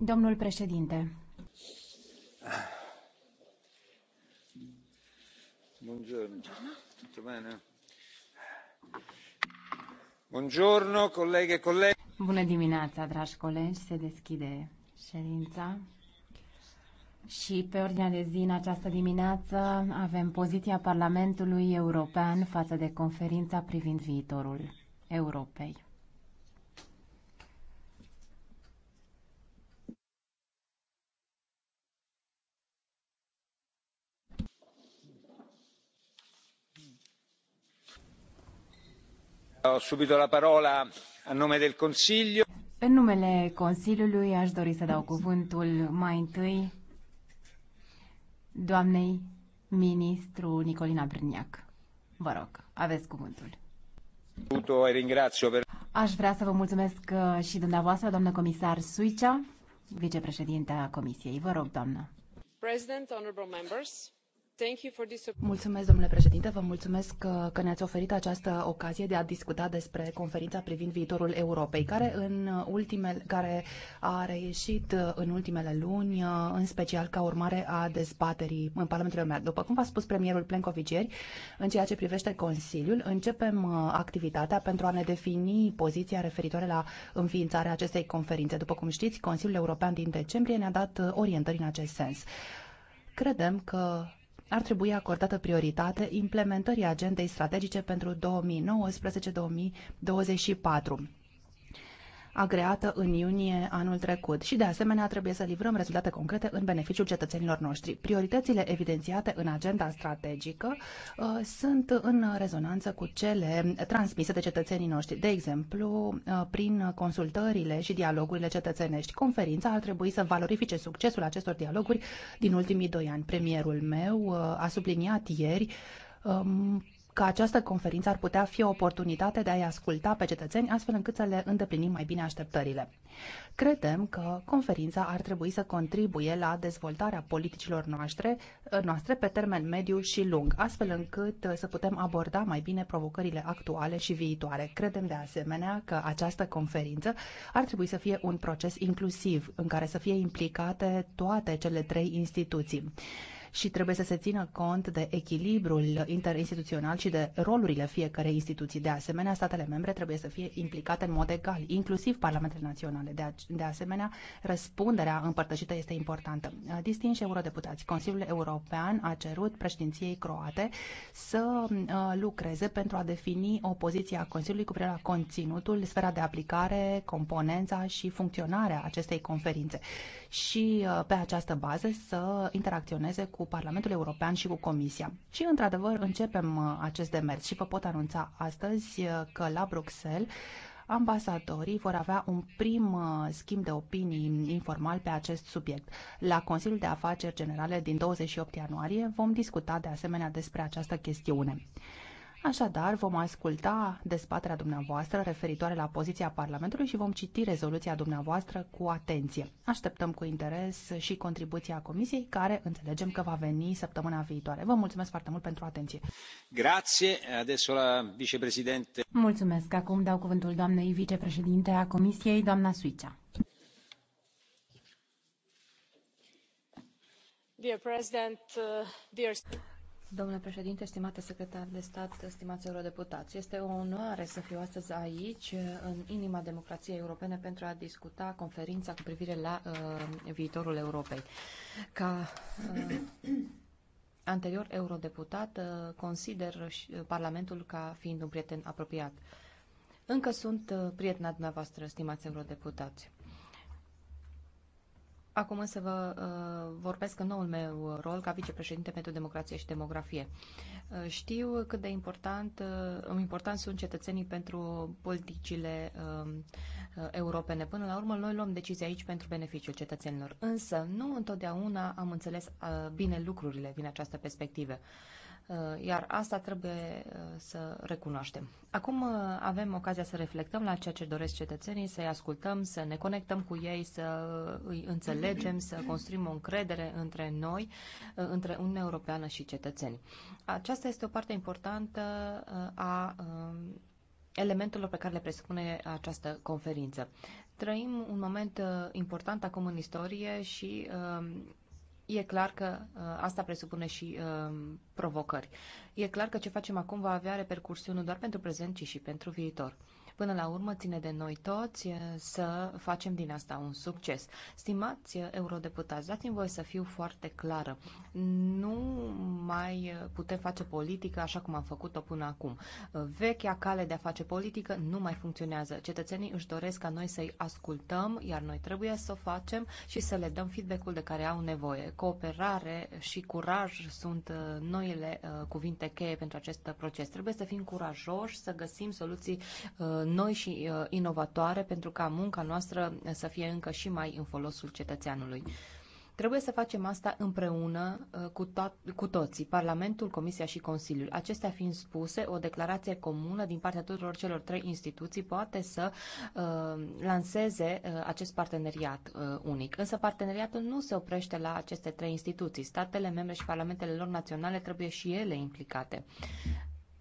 Domnul președinte. Bună dimineața, dragi colegi. Se deschide ședința. Și pe ordinea de zi în această dimineață avem poziția Parlamentului European față de conferința privind viitorul Europei. la parola În numele Consiliului aș dori să dau cuvântul mai întâi doamnei ministru Nicolina Brâniac. Vă rog, aveți cuvântul. Aș vrea să vă mulțumesc uh, și dumneavoastră, doamnă comisar Suicea, a Comisiei. Vă rog, doamnă. President, honorable members, Mulțumesc, domnule președinte, vă mulțumesc că, uh, că ne-ați oferit această ocazie de a discuta despre conferința privind viitorul Europei, care, în ultimele, care a reieșit uh, în ultimele luni, uh, în special ca urmare a dezbaterii în Parlamentul European. După cum v-a spus premierul Plenković ieri, în ceea ce privește Consiliul, începem activitatea pentru a ne defini poziția referitoare la înființarea acestei conferințe. După cum știți, Consiliul European din decembrie ne-a dat orientări în acest sens. Credem că ar trebui acordată prioritate implementării agendei strategice pentru 2019-2024 agreată în iunie anul trecut și, de asemenea, trebuie să livrăm rezultate concrete în beneficiul cetățenilor noștri. Prioritățile evidențiate în agenda strategică uh, sunt în rezonanță cu cele transmise de cetățenii noștri, de exemplu, uh, prin consultările și dialogurile cetățenești. Conferința ar trebui să valorifice succesul acestor dialoguri din ultimii doi ani. Premierul meu uh, a subliniat ieri um, că această conferință ar putea fi o oportunitate de a-i asculta pe cetățeni astfel încât să le îndeplinim mai bine așteptările. Credem că conferința ar trebui să contribuie la dezvoltarea politicilor noastre, noastre pe termen mediu și lung, astfel încât să putem aborda mai bine provocările actuale și viitoare. Credem de asemenea că această conferință ar trebui să fie un proces inclusiv în care să fie implicate toate cele trei instituții și trebuie să se țină cont de echilibrul interinstituțional și de rolurile fiecarei instituții. De asemenea, statele membre trebuie să fie implicate în mod egal, inclusiv parlamentele naționale. De, de asemenea, răspunderea împărtășită este importantă. Distinși eurodeputați, Consiliul European a cerut președinției croate să uh, lucreze pentru a defini o poziție a Consiliului cu privire la conținutul, sfera de aplicare, componența și funcționarea acestei conferințe și uh, pe această bază să interacționeze cu Parlamentul European și cu Comisia. Și, într-adevăr, începem uh, acest demers și vă pot anunța astăzi uh, că la Bruxelles ambasadorii vor avea un prim schimb de opinii informal pe acest subiect. La Consiliul de Afaceri Generale din 28 ianuarie vom discuta de asemenea despre această chestiune. Așadar, vom asculta dezbaterea dumneavoastră referitoare la poziția Parlamentului și vom citi rezoluția dumneavoastră cu atenție. Așteptăm cu interes și contribuția Comisiei, care înțelegem că va veni săptămâna viitoare. Vă mulțumesc foarte mult pentru atenție. Grație. Adesso la vicepreședinte. Mulțumesc. Acum dau cuvântul doamnei vicepreședinte a Comisiei, doamna Suicea. Dear President, uh, dear... Domnule președinte, stimate secretar de stat, stimați eurodeputați, este o onoare să fiu astăzi aici, în inima democrației europene, pentru a discuta conferința cu privire la uh, viitorul Europei. Ca uh, anterior eurodeputat, uh, consider uh, Parlamentul ca fiind un prieten apropiat. Încă sunt uh, prietena dumneavoastră, stimați eurodeputați. Acum să vă uh, vorbesc în noul meu rol ca vicepreședinte pentru democrație și demografie. Uh, știu cât de important, uh, important sunt cetățenii pentru politicile um, uh, europene. Până la urmă, noi luăm decizii aici pentru beneficiul cetățenilor. Însă, nu întotdeauna am înțeles uh, bine lucrurile din această perspectivă. Uh, Uh, iar asta trebuie uh, să recunoaștem. Acum uh, avem ocazia să reflectăm la ceea ce doresc cetățenii, să-i ascultăm, să ne conectăm cu ei, să îi înțelegem, să construim o încredere între noi, între Uniunea Europeană și cetățeni. Aceasta este o parte importantă a elementelor pe care le presupune această conferință. Trăim un moment important acum în istorie și E clar că uh, asta presupune și uh, provocări. E clar că ce facem acum va avea repercursiuni nu doar pentru prezent, ci și pentru viitor. Până la urmă, ține de noi toți să facem din asta un succes. Stimați eurodeputați, dați-mi voie să fiu foarte clară. Nu mai putem face politică așa cum am făcut-o până acum. Vechea cale de a face politică nu mai funcționează. Cetățenii își doresc ca noi să-i ascultăm, iar noi trebuie să o facem și să le dăm feedback-ul de care au nevoie. Cooperare și curaj sunt uh, noile uh, cuvinte cheie pentru acest proces. Trebuie să fim curajoși, să găsim soluții uh, noi și uh, inovatoare pentru ca munca noastră să fie încă și mai în folosul cetățeanului. Trebuie să facem asta împreună uh, cu, to- cu toții, Parlamentul, Comisia și Consiliul. Acestea fiind spuse, o declarație comună din partea tuturor celor trei instituții poate să uh, lanseze uh, acest parteneriat uh, unic. Însă parteneriatul nu se oprește la aceste trei instituții. Statele membre și parlamentele lor naționale trebuie și ele implicate.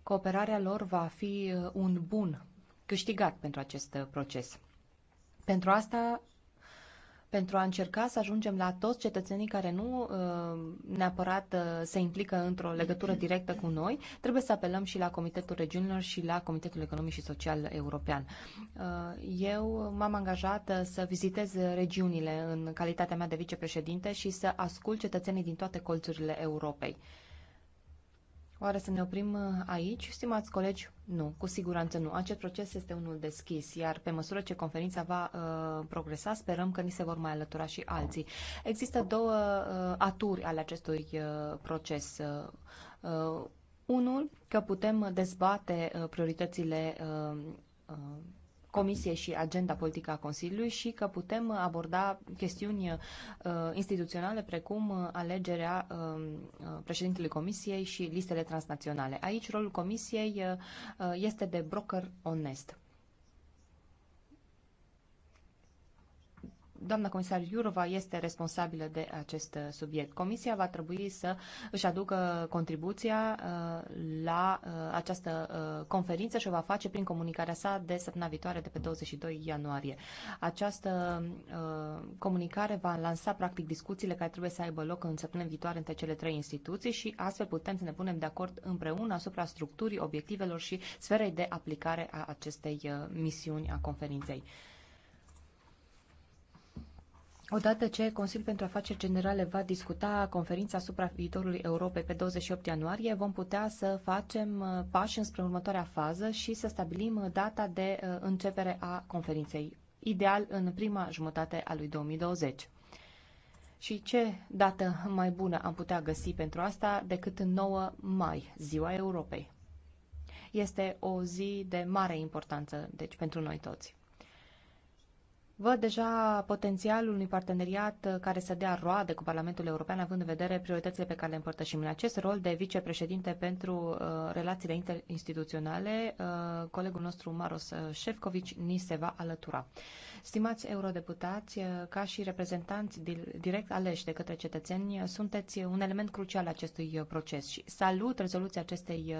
Cooperarea lor va fi uh, un bun câștigat pentru acest uh, proces. Pentru asta pentru a încerca să ajungem la toți cetățenii care nu uh, neapărat uh, se implică într-o legătură directă cu noi, trebuie să apelăm și la Comitetul Regiunilor și la Comitetul Economic și Social European. Eu m-am angajat să vizitez regiunile în calitatea mea de vicepreședinte și să ascult cetățenii din toate colțurile Europei. Oare să ne oprim uh, aici, stimați colegi? Nu, cu siguranță nu. Acest proces este unul deschis, iar pe măsură ce conferința va uh, progresa, sperăm că ni se vor mai alătura și alții. Există două uh, aturi ale acestui uh, proces. Uh, uh unul, că putem dezbate uh, prioritățile uh, uh, Comisie și agenda politică a Consiliului și că putem aborda chestiuni uh, instituționale precum uh, alegerea um, uh, președintelui Comisiei și listele transnaționale. Aici rolul Comisiei uh, uh este de broker onest. doamna comisar Iurova este responsabilă de acest uh, subiect. Comisia va trebui să își aducă contribuția uh, la uh, această conferință și o va face prin comunicarea sa de săptămâna viitoare de pe 22 ianuarie. Această comunicare va lansa practic discuțiile care trebuie să aibă loc în săptămâna viitoare între cele trei instituții și astfel putem să ne punem de acord împreună asupra structurii, obiectivelor și sferei de aplicare a acestei misiuni a conferinței. Odată ce Consiliul pentru Afaceri Generale va discuta conferința asupra viitorului Europei pe 28 ianuarie, vom putea să facem uh, pași înspre următoarea fază și să stabilim uh, data de uh, începere a conferinței, ideal în prima jumătate a lui 2020. Și ce dată mai bună am putea găsi pentru asta decât 9 mai, Ziua Europei? Este o zi de mare importanță, deci, pentru noi toți. Văd deja potențialul unui parteneriat uh, care să dea roade cu Parlamentul European, având în vedere prioritățile pe care le împărtășim. În acest rol de vicepreședinte pentru uh, relațiile interinstituționale, uh, colegul nostru Maros uh, Șefcovici ni se va alătura. Stimați eurodeputați, eh, ca și reprezentanți direct aleși de către cetățeni, eh, sunteți eh, un element crucial acestui proces și salut rezoluția acestei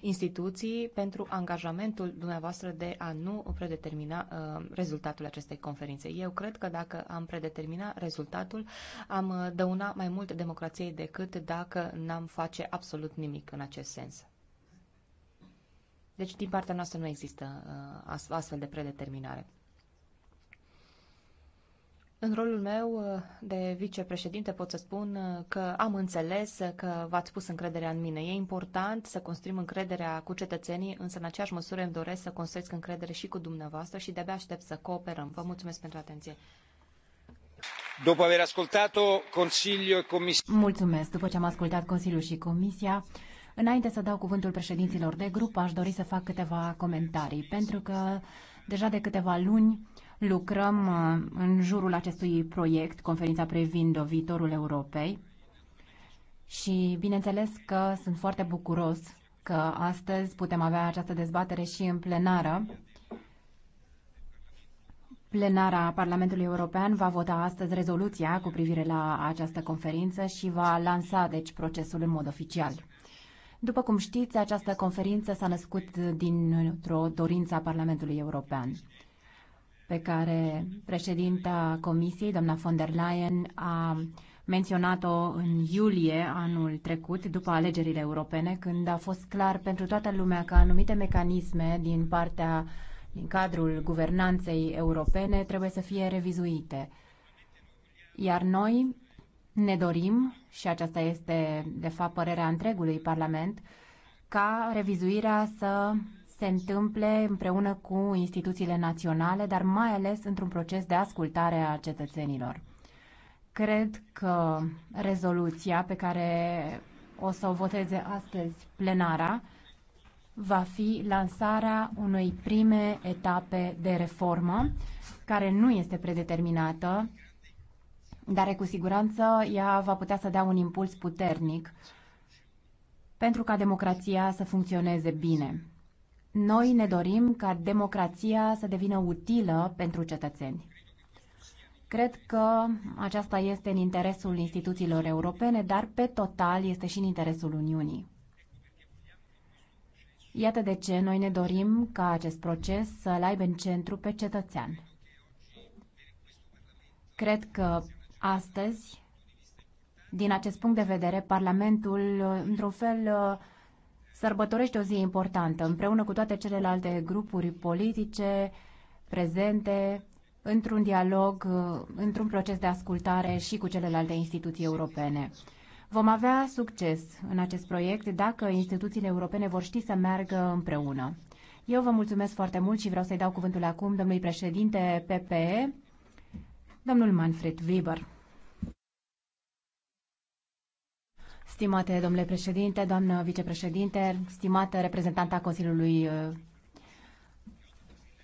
instituții pentru angajamentul dumneavoastră de a nu predetermina rezultatul acestei conferințe. Eu cred că dacă am predetermina rezultatul, am dăuna mai mult democrației decât dacă n-am face absolut nimic în acest sens. Deci, din partea noastră nu există uh, astfel de predeterminare. În rolul meu uh, de vicepreședinte pot să spun uh, că am înțeles că v-ați pus încrederea în mine. E important să construim încrederea cu cetățenii, însă în aceeași măsură îmi doresc să construiesc încredere și cu dumneavoastră și de-abia aștept să cooperăm. Vă mulțumesc pentru atenție. După aver ascultat-o, Consiliul Comisia... Mulțumesc. După ce am ascultat Consiliul și Comisia, înainte să dau cuvântul președinților de grup, aș dori să fac câteva comentarii, pentru că deja de câteva luni lucrăm uh, în jurul acestui proiect, conferința privind viitorul Europei. Și bineînțeles că sunt foarte bucuros că astăzi putem avea această dezbatere și în plenară. Plenara Parlamentului European va vota astăzi rezoluția cu privire la această conferință și va lansa, deci, procesul în mod oficial. După cum știți, această conferință s-a născut dintr-o dorință a Parlamentului European pe care președinta Comisiei, doamna von der Leyen, a menționat-o în iulie anul trecut, după alegerile europene, când a fost clar pentru toată lumea că anumite mecanisme din partea, din cadrul guvernanței europene trebuie să fie revizuite. Iar noi ne dorim, și aceasta este de fapt părerea întregului Parlament, ca revizuirea să se întâmple împreună cu instituțiile naționale, dar mai ales într-un proces de ascultare a cetățenilor. Cred că rezoluția pe care o să o voteze astăzi plenara va fi lansarea unei prime etape de reformă care nu este predeterminată, dar cu siguranță ea va putea să dea un impuls puternic pentru ca democrația să funcționeze bine. Noi ne dorim ca democrația să devină utilă pentru cetățeni. Cred că aceasta este în interesul instituțiilor europene, dar pe total este și în interesul Uniunii. Iată de ce noi ne dorim ca acest proces să-l aibă în centru pe cetățean. Cred că astăzi, din acest punct de vedere, Parlamentul, într-un fel, sărbătorește o zi importantă împreună cu toate celelalte grupuri politice prezente într-un dialog, într-un proces de ascultare și cu celelalte instituții europene. Vom avea succes în acest proiect dacă instituțiile europene vor ști să meargă împreună. Eu vă mulțumesc foarte mult și vreau să-i dau cuvântul acum domnului președinte PPE, domnul Manfred Weber. Stimate domnule președinte, doamnă vicepreședinte, stimată reprezentanta Consiliului uh,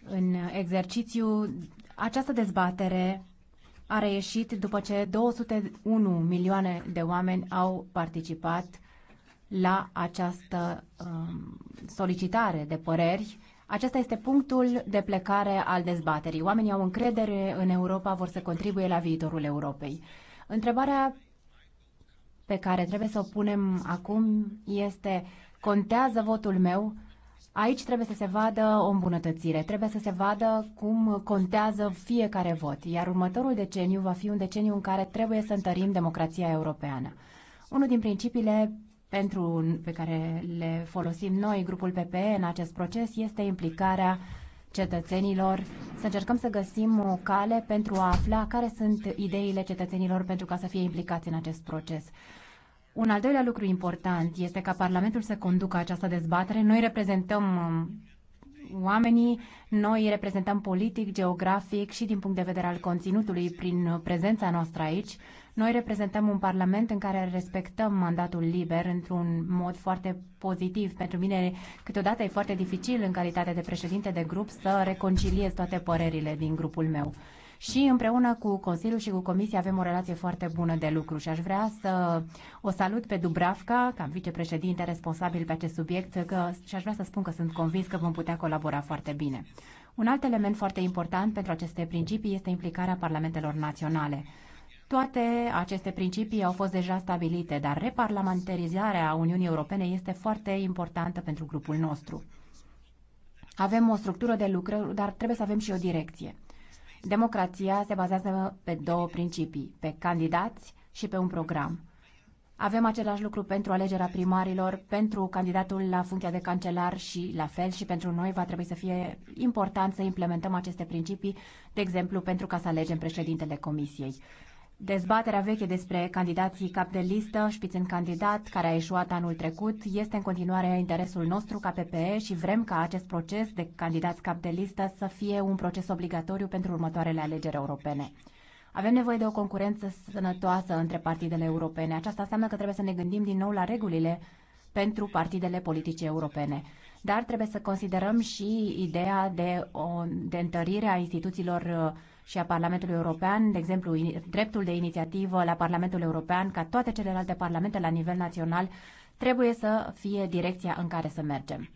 în exercițiu, această dezbatere a reieșit după ce 201 milioane de oameni au participat la această um, solicitare de păreri. Acesta este punctul de plecare al dezbaterii. Oamenii au încredere în Europa, vor să contribuie la viitorul Europei. Întrebarea pe care trebuie să o punem acum este contează votul meu. Aici trebuie să se vadă o îmbunătățire, trebuie să se vadă cum contează fiecare vot, iar următorul deceniu va fi un deceniu în care trebuie să întărim democrația europeană. Unul din principiile pentru, pe care le folosim noi, grupul PPE, în acest proces este implicarea uh, cetățenilor, să încercăm să găsim o cale pentru a afla care sunt ideile cetățenilor pentru ca să fie implicați în acest proces. Un al doilea lucru important este ca Parlamentul să conducă această dezbatere. Noi reprezentăm um, oamenii, noi reprezentăm politic, geografic și din punct de vedere al conținutului prin prezența noastră aici noi reprezentăm un parlament în care respectăm mandatul liber într-un mod foarte pozitiv. Pentru mine, câteodată e foarte dificil în calitate de președinte de grup să reconciliez toate părerile din grupul meu. Și împreună cu Consiliul și cu Comisia avem o relație foarte bună de lucru și aș vrea să o salut pe Dubravka, ca vicepreședinte responsabil pe acest subiect, că, și aș vrea să spun că sunt convins că vom putea colabora foarte bine. Un alt element foarte important pentru aceste principii este implicarea parlamentelor naționale. Toate aceste principii au fost deja stabilite, dar reparlamentarizarea Uniunii Europene este foarte importantă pentru grupul nostru. Avem o structură de lucru, dar trebuie să avem și o direcție. Democrația se bazează pe două principii, pe candidați și pe un program. Avem același lucru pentru alegerea primarilor, pentru candidatul la funcția de cancelar și la fel și pentru noi va trebui să fie important să implementăm aceste principii, de exemplu pentru ca să alegem președintele comisiei. Dezbaterea veche despre candidații cap de listă, șpițând candidat, care a eșuat anul trecut, este în continuare interesul nostru ca PPE și vrem ca acest proces de candidați cap de listă să fie un proces obligatoriu pentru următoarele alegeri europene. Avem nevoie de o concurență sănătoasă între partidele europene. Aceasta înseamnă că trebuie să ne gândim din nou la regulile pentru partidele politice europene. Dar trebuie să considerăm și ideea de, o, de întărire a instituțiilor uh, și a Parlamentului European, de exemplu, dreptul de inițiativă la Parlamentul European, ca toate celelalte parlamente la nivel național, trebuie să fie direcția în care să mergem.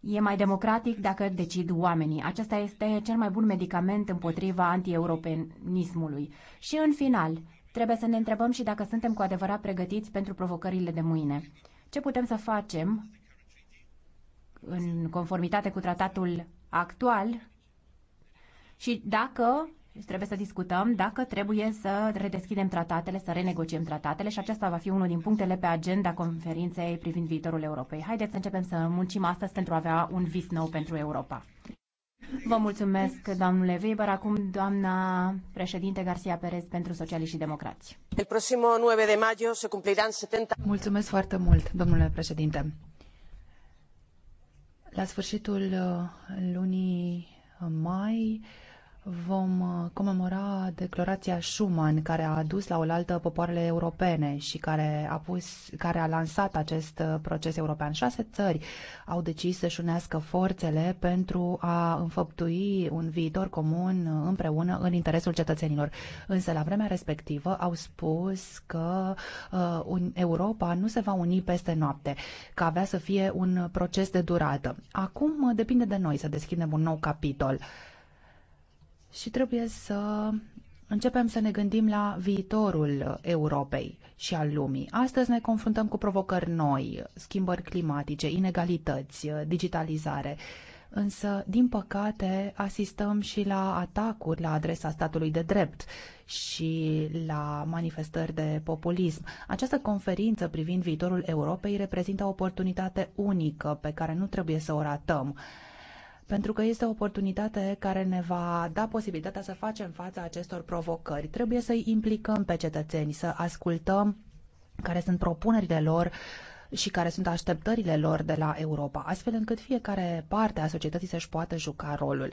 E mai democratic dacă decid oamenii. Acesta este cel mai bun medicament împotriva antieuropenismului. Și în final, trebuie să ne întrebăm și dacă suntem cu adevărat pregătiți pentru provocările de mâine. Ce putem să facem în conformitate cu tratatul actual și dacă trebuie să discutăm dacă trebuie să redeschidem tratatele, să renegociem tratatele și acesta va fi unul din punctele pe agenda conferinței privind viitorul Europei. Haideți să începem să muncim astăzi pentru a avea un vis nou pentru Europa. Vă mulțumesc, domnule Weber. Acum, doamna președinte Garcia Perez pentru Socialiști și Democrați. El próximo 9 de mayo se cumplirán 70... Mulțumesc foarte mult, domnule președinte. La sfârșitul uh, lunii uh, mai, vom uh, comemora declarația Schuman, care a adus la oaltă popoarele europene și care a, pus, care a lansat acest uh, proces european. Șase țări au decis să-și unească forțele pentru a înfăptui un viitor comun uh, împreună în interesul cetățenilor. Însă, la vremea respectivă, au spus că uh, Europa nu se va uni peste noapte, că avea să fie un proces de durată. Acum depinde de noi să deschidem un nou capitol și trebuie să începem să ne gândim la viitorul Europei și al lumii. Astăzi ne confruntăm cu provocări noi, schimbări climatice, inegalități, digitalizare. Însă, din păcate, asistăm și la atacuri la adresa statului de drept și la manifestări de populism. Această conferință privind viitorul Europei reprezintă o oportunitate unică pe care nu trebuie să o ratăm pentru că este o oportunitate care ne va da posibilitatea să facem fața acestor provocări. Trebuie să-i implicăm pe cetățeni, să ascultăm care sunt propunerile lor și care sunt așteptările lor de la Europa, astfel încât fiecare parte a societății să-și poată juca rolul.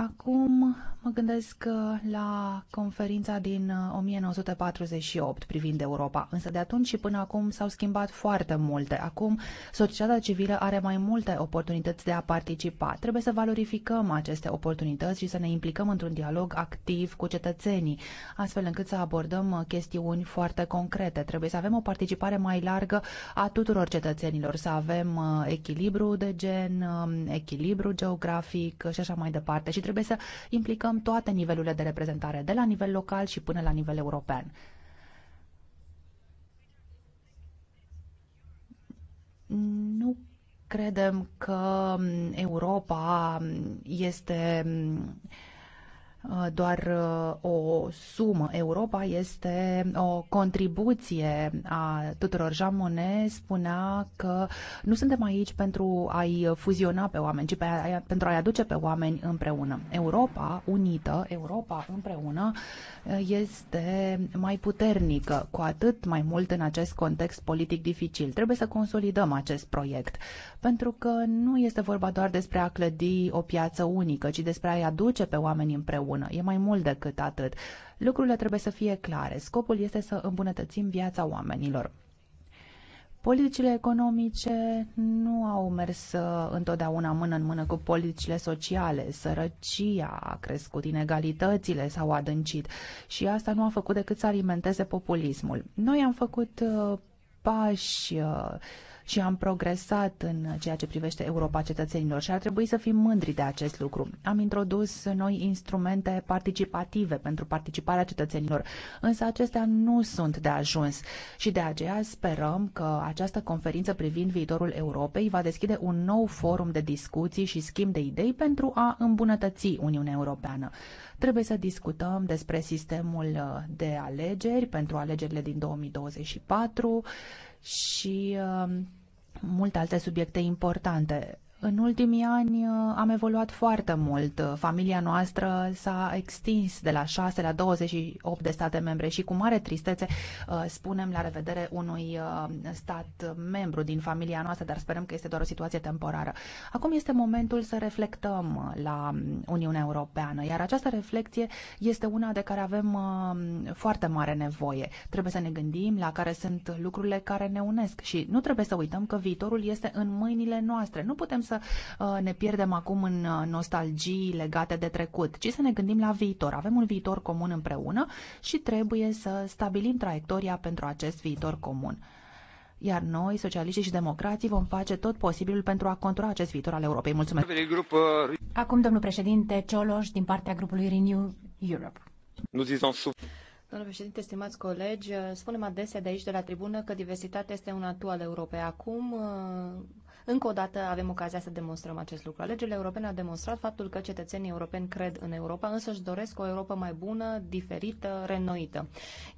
Acum mă gândesc uh, la conferința din 1948 uh, privind Europa, însă de atunci și până acum s-au schimbat foarte multe. Acum societatea civilă are mai multe oportunități de a participa. Trebuie să valorificăm aceste oportunități și să ne implicăm într-un dialog activ cu cetățenii, astfel încât să abordăm uh, chestiuni foarte concrete. Trebuie să avem o participare mai largă a tuturor cetățenilor, să avem echilibru de gen, um, echilibru geografic și așa mai departe. Și Trebuie să implicăm toate nivelurile de reprezentare, de la nivel local și până la nivel european. Nu credem că Europa este Uh, doar uh, o sumă. Europa este uh, o contribuție a tuturor. Jean Monnet spunea că nu suntem aici pentru a-i fuziona pe oameni, ci pe a, pentru a-i aduce pe oameni împreună. Europa unită, Europa împreună, este mai puternică, cu atât mai mult în acest context politic dificil. Trebuie să consolidăm acest proiect, pentru că nu este vorba doar despre a clădi o piață unică, ci despre a-i aduce pe oameni împreună împreună. E mai mult decât atât. Lucrurile trebuie să fie clare. Scopul este să îmbunătățim viața oamenilor. Politicile economice nu au mers uh, întotdeauna mână în mână cu politicile sociale. Sărăcia a crescut, inegalitățile s-au adâncit și asta nu a făcut decât să alimenteze populismul. Noi am făcut uh, pași uh, și am progresat în ceea ce privește Europa cetățenilor și ar trebui să fim mândri de acest lucru. Am introdus noi instrumente participative pentru participarea cetățenilor, însă acestea nu sunt de ajuns și de aceea sperăm că această conferință privind viitorul Europei va deschide un nou forum de discuții și schimb de idei pentru a îmbunătăți Uniunea Europeană. Trebuie să discutăm despre sistemul de alegeri pentru alegerile din 2024 și multe alte subiecte importante. În ultimii ani uh, am evoluat foarte mult. Familia noastră s-a extins de la 6 la 28 de state membre și cu mare tristețe uh, spunem la revedere unui uh, stat membru din familia noastră, dar sperăm că este doar o situație temporară. Acum este momentul să reflectăm la Uniunea Europeană, iar această reflecție este una de care avem foarte mare nevoie. Trebuie să ne gândim la care sunt lucrurile care ne unesc și nu trebuie să uităm că viitorul este în mâinile noastre. Nu putem să uh, ne pierdem acum în uh, nostalgii legate de trecut, ci să ne gândim la viitor. Avem un viitor comun împreună și trebuie să stabilim traiectoria pentru acest viitor comun iar noi, socialiștii și democrații, vom face tot posibilul pentru a contura acest viitor al Europei. Mulțumesc! Uh, acum, domnul președinte Cioloș, din partea grupului Renew Europe. Nu Domnule președinte, stimați colegi, spunem adesea de aici, de la tribună, că diversitatea este un atu al Europei. Acum, încă o dată avem ocazia să demonstrăm acest lucru. Alegerile europene au demonstrat faptul că cetățenii europeni cred în Europa, însă își doresc o Europa mai bună, diferită, renoită.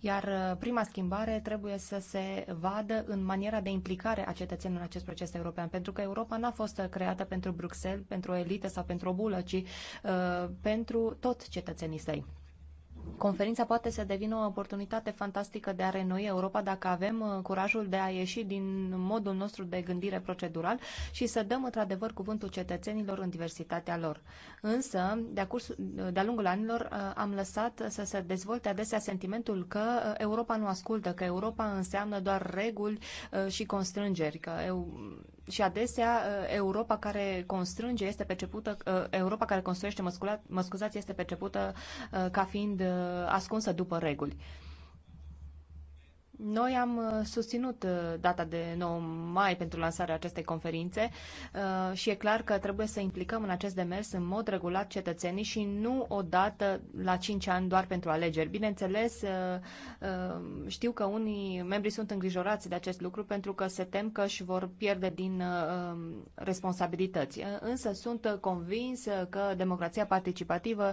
Iar uh, prima schimbare trebuie să se vadă în maniera de implicare a cetățenilor în acest proces european, pentru că Europa n-a fost uh, creată pentru Bruxelles, pentru o elită sau pentru o bulă, ci uh, pentru tot cetățenii săi conferința poate să devină o oportunitate fantastică de a renoi Europa dacă avem uh, curajul de a ieși din modul nostru de gândire procedural și să dăm într-adevăr cuvântul cetățenilor în diversitatea lor. Însă, de-a, de-a lungul anilor, uh, am lăsat să se dezvolte adesea sentimentul că uh, Europa nu ascultă, că Europa înseamnă doar reguli și constrângeri, că eu și adesea uh, Europa care constrânge este percepută, uh, Europa care construiește, mă scuzați, este percepută uh, ca fiind ascunsă după reguli. Noi am uh, susținut uh, data de 9 mai pentru lansarea acestei conferințe uh, și e clar că trebuie să implicăm în acest demers în mod regulat cetățenii și nu o dată la 5 ani doar pentru alegeri. Bineînțeles, știu că unii membri sunt îngrijorați de acest lucru pentru că se tem că își vor pierde din responsabilități. Însă sunt convins că democrația participativă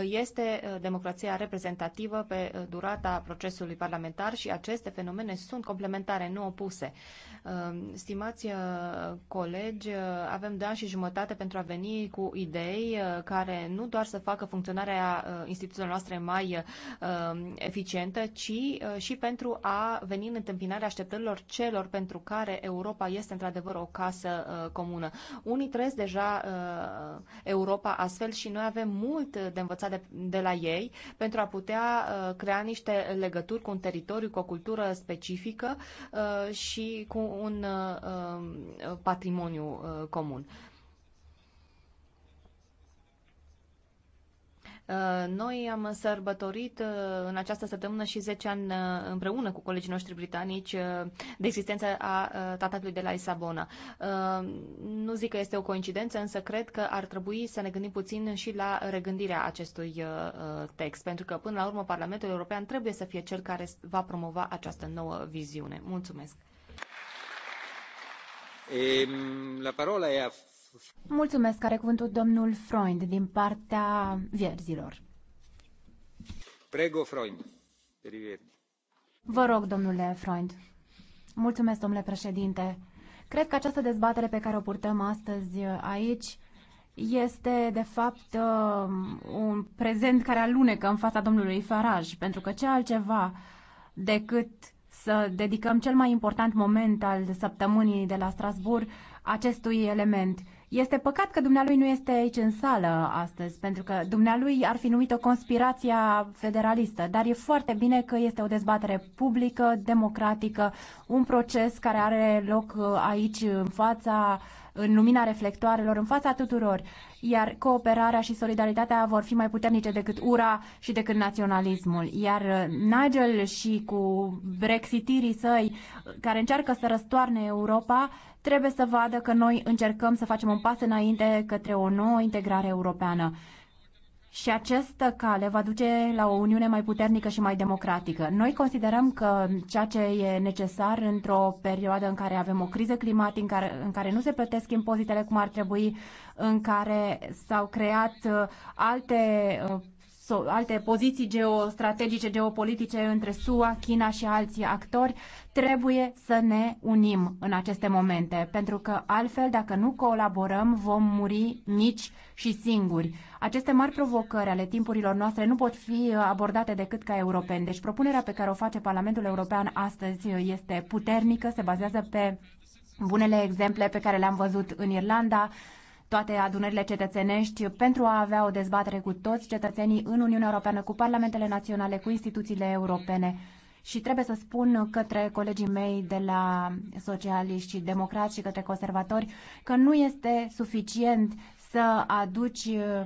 este democrația reprezentativă pe durata procesului parlamentar și aceste aceste fenomene sunt complementare, nu opuse. Ehm, stimați eh, colegi, eh, avem de ani și jumătate pentru a veni cu idei eh, care nu doar să facă funcționarea instituțiilor noastre mai ehm, eficientă, ci și pentru a veni în întâmpinarea așteptărilor celor pentru care Europa este într-adevăr o casă comună. Unii trăiesc deja Europa astfel și noi avem mult de învățat de, de la ei pentru a putea crea niște legături cu un teritoriu, cu o cultură, cultură specifică uh, și cu un uh, um, patrimoniu uh, comun. Uh, noi am sărbătorit uh, în această săptămână și 10 ani uh, împreună cu colegii noștri britanici de existența a tratatului de la Lisabona. Nu zic că este o coincidență, însă cred că ar trebui să ne gândim puțin și la regândirea acestui text, pentru că până la urmă Parlamentul European trebuie să fie cel care va promova această nouă viziune. Mulțumesc! Ehm, la parola e a Mulțumesc, are cuvântul domnul Freund din partea vierzilor. Prego, Freund. Vă rog, domnule Freund. Mulțumesc, domnule președinte. Cred că această dezbatere pe care o purtăm astăzi uh, aici este, de fapt, uh, un prezent care alunecă în fața domnului Faraj, pentru că ce altceva decât să dedicăm cel mai important moment al săptămânii de la Strasbourg acestui element. Este păcat că dumnealui nu este aici în sală astăzi, pentru că dumnealui ar fi numit o conspirație federalistă, dar e foarte bine că este o dezbatere publică, democratică, un proces care are loc uh, aici în fața în lumina reflectoarelor în fața tuturor, iar cooperarea și solidaritatea vor fi mai puternice decât ura și decât naționalismul. Iar uh, Nigel și cu brexitirii săi uh, care încearcă să răstoarne Europa, trebuie să vadă că noi încercăm să facem un pas înainte către o nouă integrare europeană. Și această cale va duce la o Uniune mai puternică și mai democratică. Noi considerăm că ceea ce e necesar într-o perioadă în care avem o criză climatică, în care, în care nu se plătesc impozitele cum ar trebui, în care s-au creat uh, alte uh, alte poziții geostrategice, geopolitice între SUA, China și alții actori, trebuie să ne unim în aceste momente, pentru că altfel, dacă nu colaborăm, vom muri mici și singuri. Aceste mari provocări ale timpurilor noastre nu pot fi abordate decât ca europeni. Deci propunerea pe care o face Parlamentul European astăzi este puternică, se bazează pe bunele exemple pe care le-am văzut în Irlanda, toate adunările cetățenești pentru a avea o dezbatere cu toți cetățenii în Uniunea Europeană, cu parlamentele naționale, cu instituțiile europene. Și trebuie să spun către colegii mei de la socialiști și democrați și către conservatori că nu este suficient să aduci uh,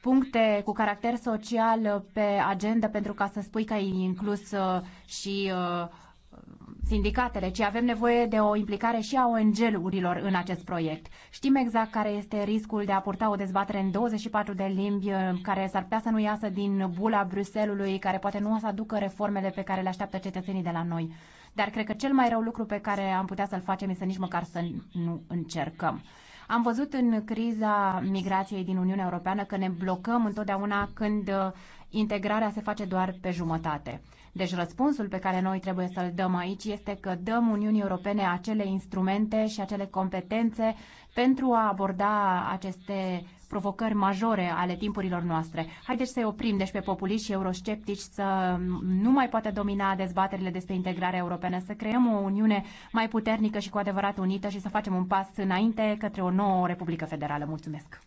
puncte cu caracter social pe agenda pentru ca să spui că ai inclus uh, și uh, sindicatele, ci avem nevoie de o implicare și a ONG-urilor în acest proiect. Știm exact care este riscul de a purta o dezbatere în 24 de limbi uh, care s-ar putea să nu iasă din bula Bruselului, care poate nu o să aducă reformele pe care le așteaptă cetățenii de la noi. Dar cred că cel mai rău lucru pe care am putea să-l facem este nici măcar să nu încercăm. Am văzut în criza migrației din Uniunea Europeană că ne blocăm întotdeauna când uh, integrarea se face doar pe jumătate. Deci răspunsul pe care noi trebuie să-l dăm aici este că dăm Uniunii Europene acele instrumente și acele competențe pentru a aborda aceste provocări majore ale timpurilor noastre. Haideți să-i oprim, deci, pe populiști și eurosceptici să nu mai poată domina dezbaterile despre integrarea europeană, să creăm o Uniune mai puternică și cu adevărat unită și să facem un pas înainte către o nouă Republică Federală. Mulțumesc!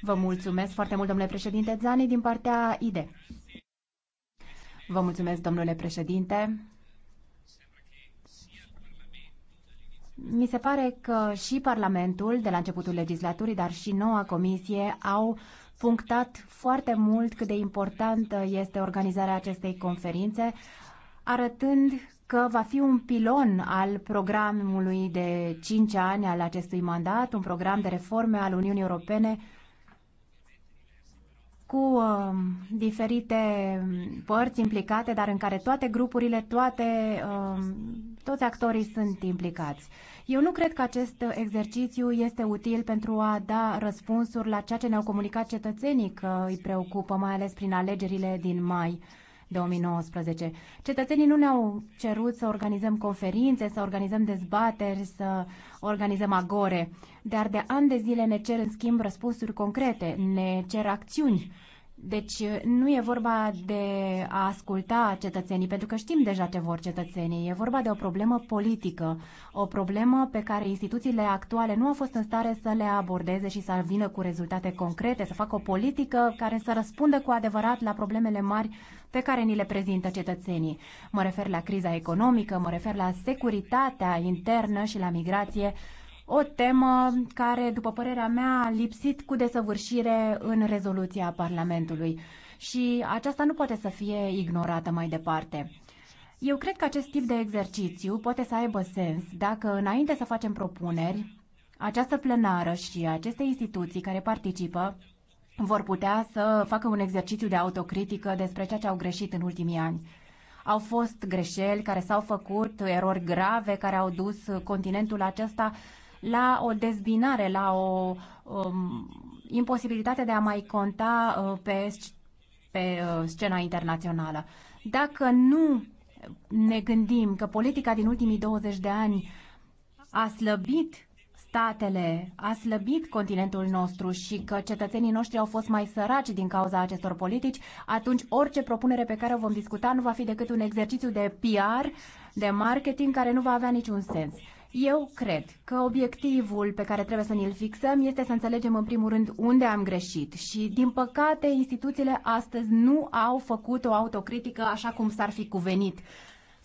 Vă mulțumesc foarte mult, domnule președinte Zani, din partea IDE. Vă mulțumesc, domnule președinte. Mi se pare că și Parlamentul, de la începutul legislaturii, dar și noua comisie, au punctat foarte mult cât de importantă este organizarea acestei conferințe, arătând că va fi un pilon al programului de 5 ani al acestui mandat, un program de reforme al Uniunii Europene cu uh, diferite părți implicate, dar în care toate grupurile, toate, uh, toți actorii sunt implicați. Eu nu cred că acest exercițiu este util pentru a da răspunsuri la ceea ce ne-au comunicat cetățenii că îi preocupă, mai ales prin alegerile din mai. Uh, 2019. Cetățenii nu ne-au cerut să organizăm conferințe, să organizăm dezbateri, să organizăm agore, dar de ani de zile ne cer în schimb răspunsuri concrete, ne cer acțiuni deci uh, nu e vorba de a asculta cetățenii, pentru că știm deja ce vor cetățenii. E vorba de o problemă politică, o problemă pe care instituțiile actuale nu au fost în stare să le abordeze și să vină cu rezultate concrete, să facă o politică care să răspundă cu adevărat la problemele mari pe care ni le prezintă cetățenii. Mă refer la criza economică, mă refer la securitatea internă și la migrație, o temă care, după părerea mea, a lipsit cu desăvârșire în rezoluția Parlamentului și aceasta nu poate să fie ignorată mai departe. Eu cred că acest tip de exercițiu poate să aibă sens dacă, înainte să facem propuneri, această plenară și aceste instituții care participă vor putea să facă un exercițiu de autocritică despre ceea ce au greșit în ultimii ani. Au fost greșeli care s-au făcut, erori grave care au dus continentul acesta la o dezbinare, la o um, imposibilitate de a mai conta uh, pe, pe uh, scena internațională. Dacă nu ne gândim că politica din ultimii 20 de ani a slăbit statele, a slăbit continentul nostru și că cetățenii noștri au fost mai săraci din cauza acestor politici, atunci orice propunere pe care o vom discuta nu va fi decât un exercițiu de PR, de marketing, care nu va avea niciun sens. Eu cred că obiectivul pe care trebuie să ne-l fixăm este să înțelegem în primul rând unde am greșit și, din păcate, instituțiile astăzi nu au făcut o autocritică așa cum s-ar fi cuvenit.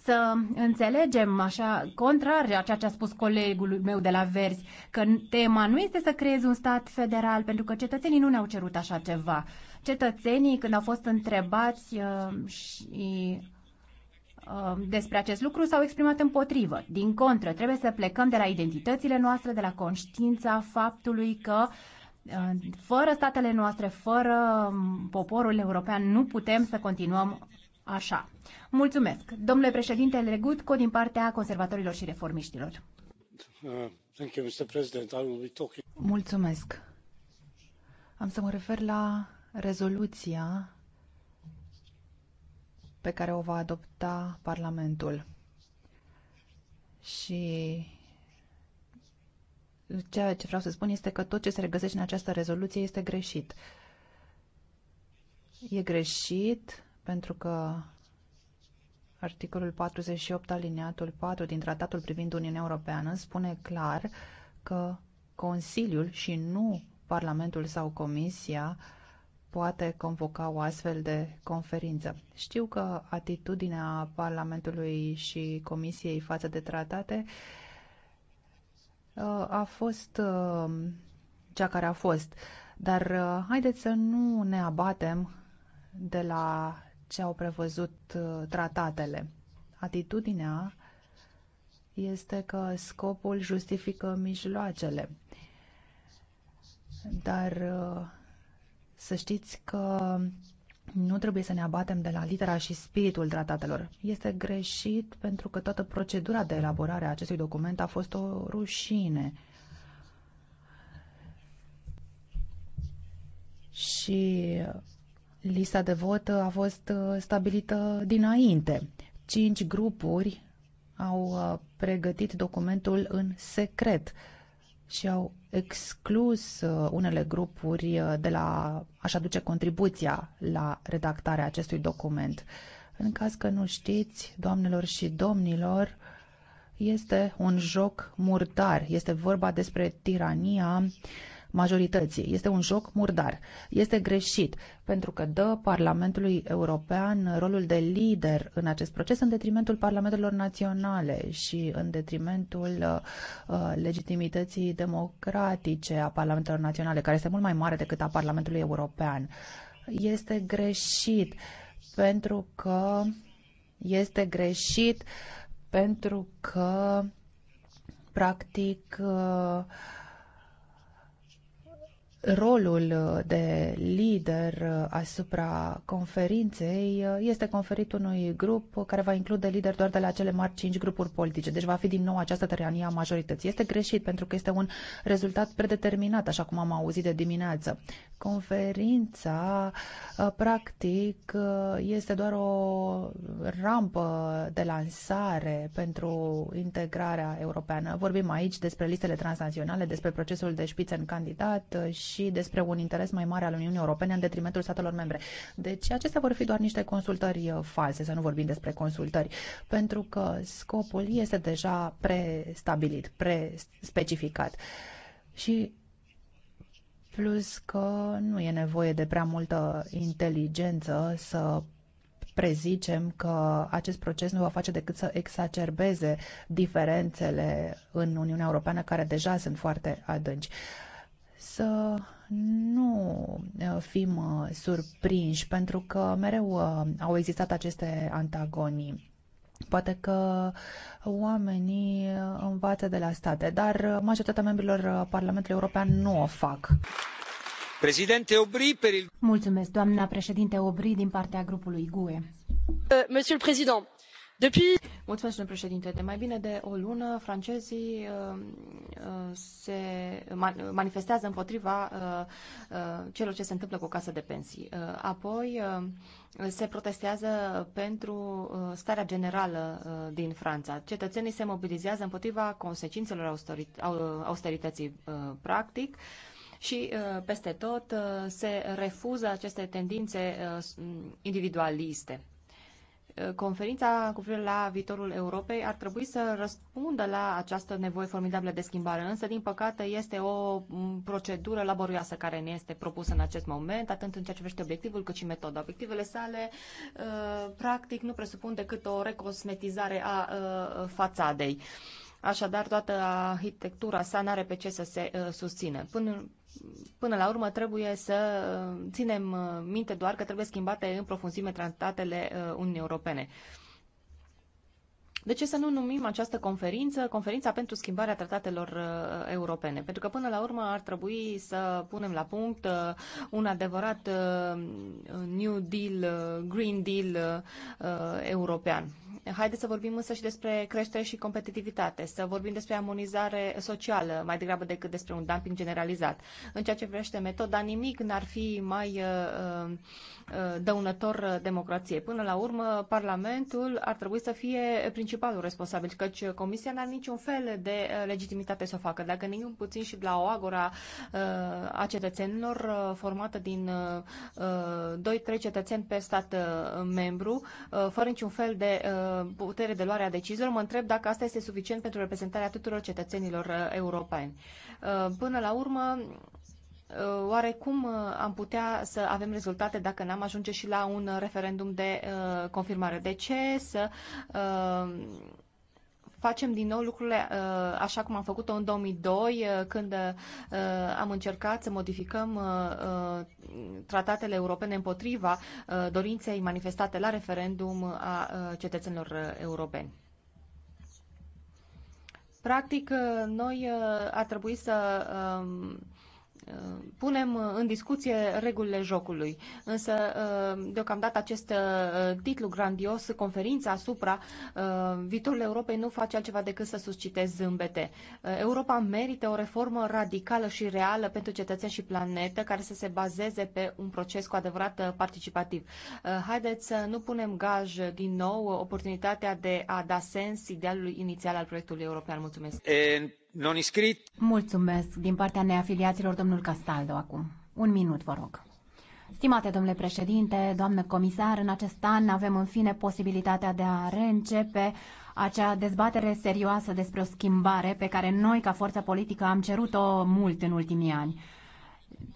Să înțelegem, așa, contrar a ceea ce a spus colegul meu de la Verzi, că tema nu este să creezi un stat federal, pentru că cetățenii nu ne-au cerut așa ceva. Cetățenii, când au fost întrebați uh, și Um, despre acest lucru s-au exprimat împotrivă. Din contră, trebuie să plecăm de la identitățile noastre, de la conștiința faptului că uh, fără statele noastre, fără um, poporul european, nu putem să continuăm așa. Mulțumesc. Domnule președinte Legutco, din partea conservatorilor și reformiștilor. Uh, Mulțumesc. Am să mă refer la rezoluția pe care o va adopta Parlamentul. Și ceea ce vreau să spun este că tot ce se regăsește în această rezoluție este greșit. E greșit pentru că articolul 48 aliniatul 4 din tratatul privind Uniunea Europeană spune clar că Consiliul și nu Parlamentul sau Comisia uh, poate convoca o astfel de conferință. Știu că atitudinea Parlamentului și Comisiei față de tratate uh, a fost uh, cea care a fost, dar uh, haideți să nu ne abatem de la ce au prevăzut tratatele. Atitudinea este că scopul justifică mijloacele. Dar să știți că nu trebuie să ne abatem de la litera și spiritul tratatelor. Este greșit pentru că toată procedura de elaborare a acestui document a fost o rușine. Și lista de vot a fost stabilită dinainte. Cinci grupuri au uh, pregătit documentul în secret și au exclus uh, unele grupuri uh, de la a-și aduce contribuția la redactarea acestui document. În caz că nu știți, doamnelor și domnilor, este un joc murdar. Este vorba despre tirania majorității. Este un joc murdar. Este greșit pentru că dă Parlamentului European rolul de lider în acest proces în detrimentul parlamentelor naționale și în detrimentul uh, uh legitimității democratice a parlamentelor naționale, care este mult mai mare decât a Parlamentului European. Este greșit pentru că este greșit pentru că practic uh, rolul uh, de lider uh, asupra conferinței uh, este conferit unui grup care va include lideri doar de la cele mari cinci grupuri politice. Deci va fi din nou această tăranie a majorității. Este greșit pentru că este un rezultat predeterminat, așa cum am auzit de dimineață. Conferința, practic, este doar o rampă de lansare pentru integrarea europeană. Vorbim aici despre listele transnaționale, despre procesul de în candidat și și despre un interes mai mare al Uniunii Europene în detrimentul statelor membre. Deci acestea vor fi doar niște consultări uh, false, să nu vorbim despre consultări, pentru că scopul este deja prestabilit, prespecificat. Și plus că nu e nevoie de prea multă inteligență să prezicem că acest proces nu va face decât să exacerbeze diferențele în Uniunea Europeană, care deja sunt foarte adânci să nu uh, fim uh, surprinși, pentru că mereu uh, au existat aceste antagonii. Poate că oamenii învață de la state, dar majoritatea membrilor Parlamentului European nu o fac. Președinte Obri, Mulțumesc, doamna președinte Obri, din partea grupului GUE. Uh, Monsieur le Président, Depuis... Mulțumesc, domnule președinte. De mai bine de o lună, francezii uh, uh se man- manifestează împotriva uh, uh, celor ce se întâmplă cu casa de pensii. Uh, apoi uh, se protestează pentru uh, starea generală uh, din Franța. Cetățenii se mobilizează împotriva consecințelor austerit- austerității uh, practic. și uh, peste tot uh, se refuză aceste tendințe individualiste conferința cu privire la viitorul Europei ar trebui să răspundă la această nevoie formidabilă de schimbare, însă, din păcate, este o procedură laborioasă care ne este propusă în acest moment, atât în ceea ce privește obiectivul, cât și metoda. Obiectivele sale, uh, practic, nu presupun decât o recosmetizare a uh, fațadei. Așadar, toată arhitectura sa nu are pe ce să se uh, susține. Până, Până la urmă trebuie să uh, ținem uh, minte doar că trebuie schimbate în profunzime tratatele uh, Uniunii Europene. De ce să nu numim această conferință conferința pentru schimbarea tratatelor europene? Pentru că până la urmă ar trebui să punem la punct un adevărat New Deal, Green Deal european. Haideți să vorbim însă și despre creștere și competitivitate, să vorbim despre amonizare socială mai degrabă decât despre un dumping generalizat. În ceea ce vrește metoda, nimic n-ar fi mai uh, uh dăunător uh, democrației. Până la urmă, Parlamentul ar trebui să fie principalul responsabil, căci Comisia n a niciun fel de uh, legitimitate să o facă. Dacă nimic puțin și de la o agora uh, a cetățenilor formată din uh, doi, trei cetățeni pe stat membru, fără niciun fel de putere de luare a deciziilor, mă întreb dacă asta este suficient pentru reprezentarea tuturor cetățenilor uh, europeni. Uh, până la urmă, uh, Oare cum am putea să avem rezultate dacă n-am ajunge și la un referendum de confirmare? De ce să facem din nou lucrurile uh, așa cum am făcut-o în 2002, uh, când uh, am încercat să modificăm tratatele europene împotriva dorinței manifestate la referendum a cetățenilor europeni. Practic, noi ar trebui să um, punem în discuție regulile jocului. Însă, uh, deocamdată, acest uh, titlu grandios, conferința asupra uh, viitorul Europei, nu face altceva decât să suscite zâmbete. Europa merită o reformă radicală și reală pentru cetățeni și planetă, care să se bazeze pe un proces cu adevărat participativ. Haideți să nu punem gaj din nou oportunitatea de a da sens idealului inițial al proiectului european. Mulțumesc! And non Mulțumesc. Din partea neafiliaților, domnul Castaldo, acum. Un minut, vă rog. Stimate domnule președinte, doamnă comisar, în acest an avem în fine posibilitatea de a reîncepe acea dezbatere serioasă despre o schimbare pe care noi, ca forță politică, am cerut-o mult în ultimii ani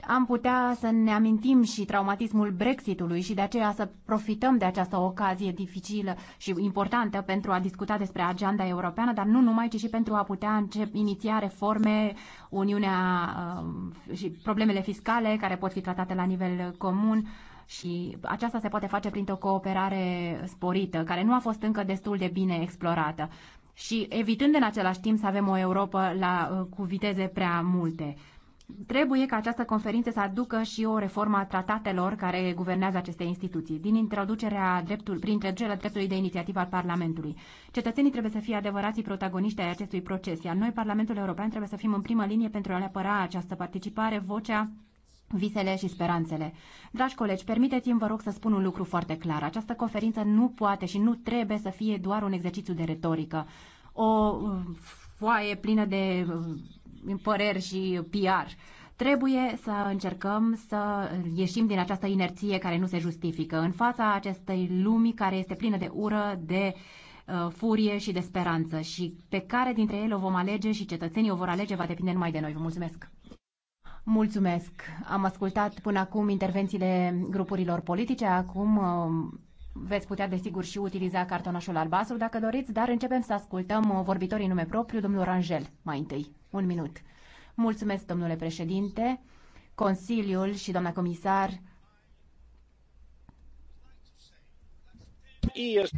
am putea să ne amintim și traumatismul Brexitului și de aceea să profităm de această ocazie dificilă și importantă pentru a discuta despre agenda europeană, dar nu numai, ci și pentru a putea începe iniția reforme, Uniunea um, și problemele fiscale care pot fi tratate la nivel comun și aceasta se poate face printr-o cooperare sporită, care nu a fost încă destul de bine explorată și evitând în același timp să avem o Europa la, uh, cu viteze prea multe. Trebuie ca această conferință să aducă și o reformă a tratatelor care guvernează aceste instituții, din introducerea dreptul, prin introducerea dreptului de inițiativă al Parlamentului. Cetățenii trebuie să fie adevărații protagoniști ai acestui proces, iar noi, Parlamentul European, trebuie să fim în primă linie pentru a le apăra această participare, vocea visele și speranțele. Dragi colegi, permiteți-mi, vă rog, să spun un lucru foarte clar. Această conferință nu poate și nu trebuie să fie doar un exercițiu de retorică, o uh, foaie plină de uh, păreri și PR. Trebuie să încercăm să ieșim din această inerție care nu se justifică în fața acestei lumi care este plină de ură, de uh, furie și de speranță și pe care dintre ele o vom alege și cetățenii o vor alege va depinde numai de noi. Vă mulțumesc! Mulțumesc! Am ascultat până acum intervențiile grupurilor politice, acum uh, veți putea, desigur, și utiliza cartonașul albastru dacă doriți, dar începem să ascultăm uh, vorbitorii nume propriu, domnul Rangel, mai întâi. Un minut. Mulțumesc, domnule președinte, Consiliul și doamna comisar.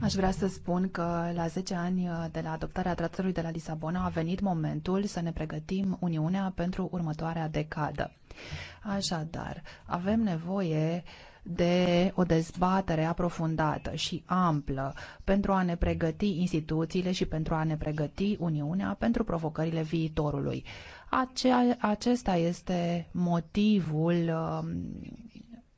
Aș vrea să spun că la 10 ani de la adoptarea tratatului de la Lisabona a venit momentul să ne pregătim Uniunea pentru următoarea decadă. Așadar, avem nevoie uh, de o dezbatere aprofundată și amplă pentru a ne pregăti instituțiile și pentru a ne pregăti Uniunea pentru provocările viitorului. Acea, acesta este motivul um,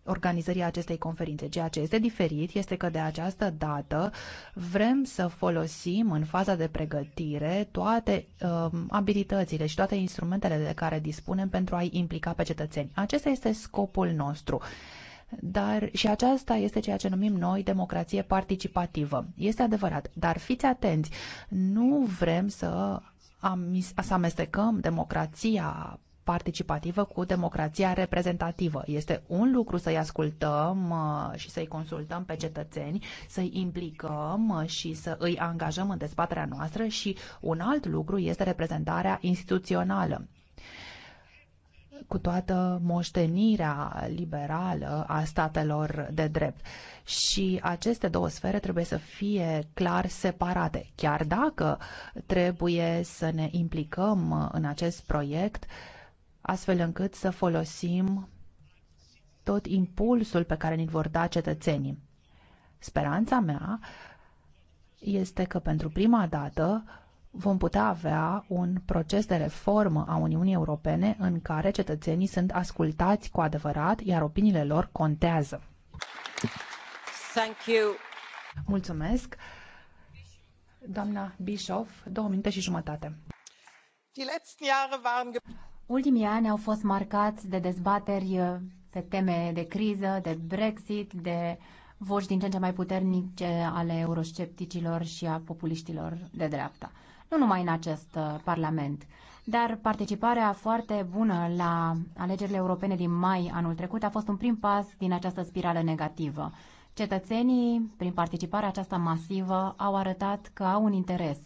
organizării acestei conferințe. Ceea ce este diferit este că de această dată vrem să folosim în faza de pregătire toate uh, abilitățile și toate instrumentele de care dispunem pentru a-i implica pe cetățeni. Acesta este scopul nostru dar și aceasta este ceea ce numim noi democrație participativă. Este adevărat, dar fiți atenți, nu vrem să, să amestecăm democrația participativă cu democrația reprezentativă. Este un lucru să-i ascultăm uh, și să-i consultăm pe cetățeni, să-i implicăm uh, și să îi angajăm în dezbaterea noastră și un alt lucru este reprezentarea instituțională cu toată moștenirea liberală a statelor de drept. Și aceste două sfere trebuie să fie clar separate, chiar dacă trebuie să ne implicăm în acest proiect, astfel încât să folosim tot impulsul pe care ni-l vor da cetățenii. Speranța mea este că pentru prima dată vom putea avea un proces de reformă a Uniunii Europene în care cetățenii sunt ascultați cu adevărat, iar opiniile lor contează. Thank you. Mulțumesc. Doamna Bischoff, două minute și jumătate. Ultimii ani au fost marcați de dezbateri uh, pe teme de criză, de Brexit, de voci din ce în ce mai puternice ale euroscepticilor și a populiștilor de dreapta nu numai în acest uh, Parlament. Dar participarea foarte bună la alegerile europene din mai anul trecut a fost un prim pas din această spirală negativă. Cetățenii, prin participarea aceasta masivă, au arătat că au un interes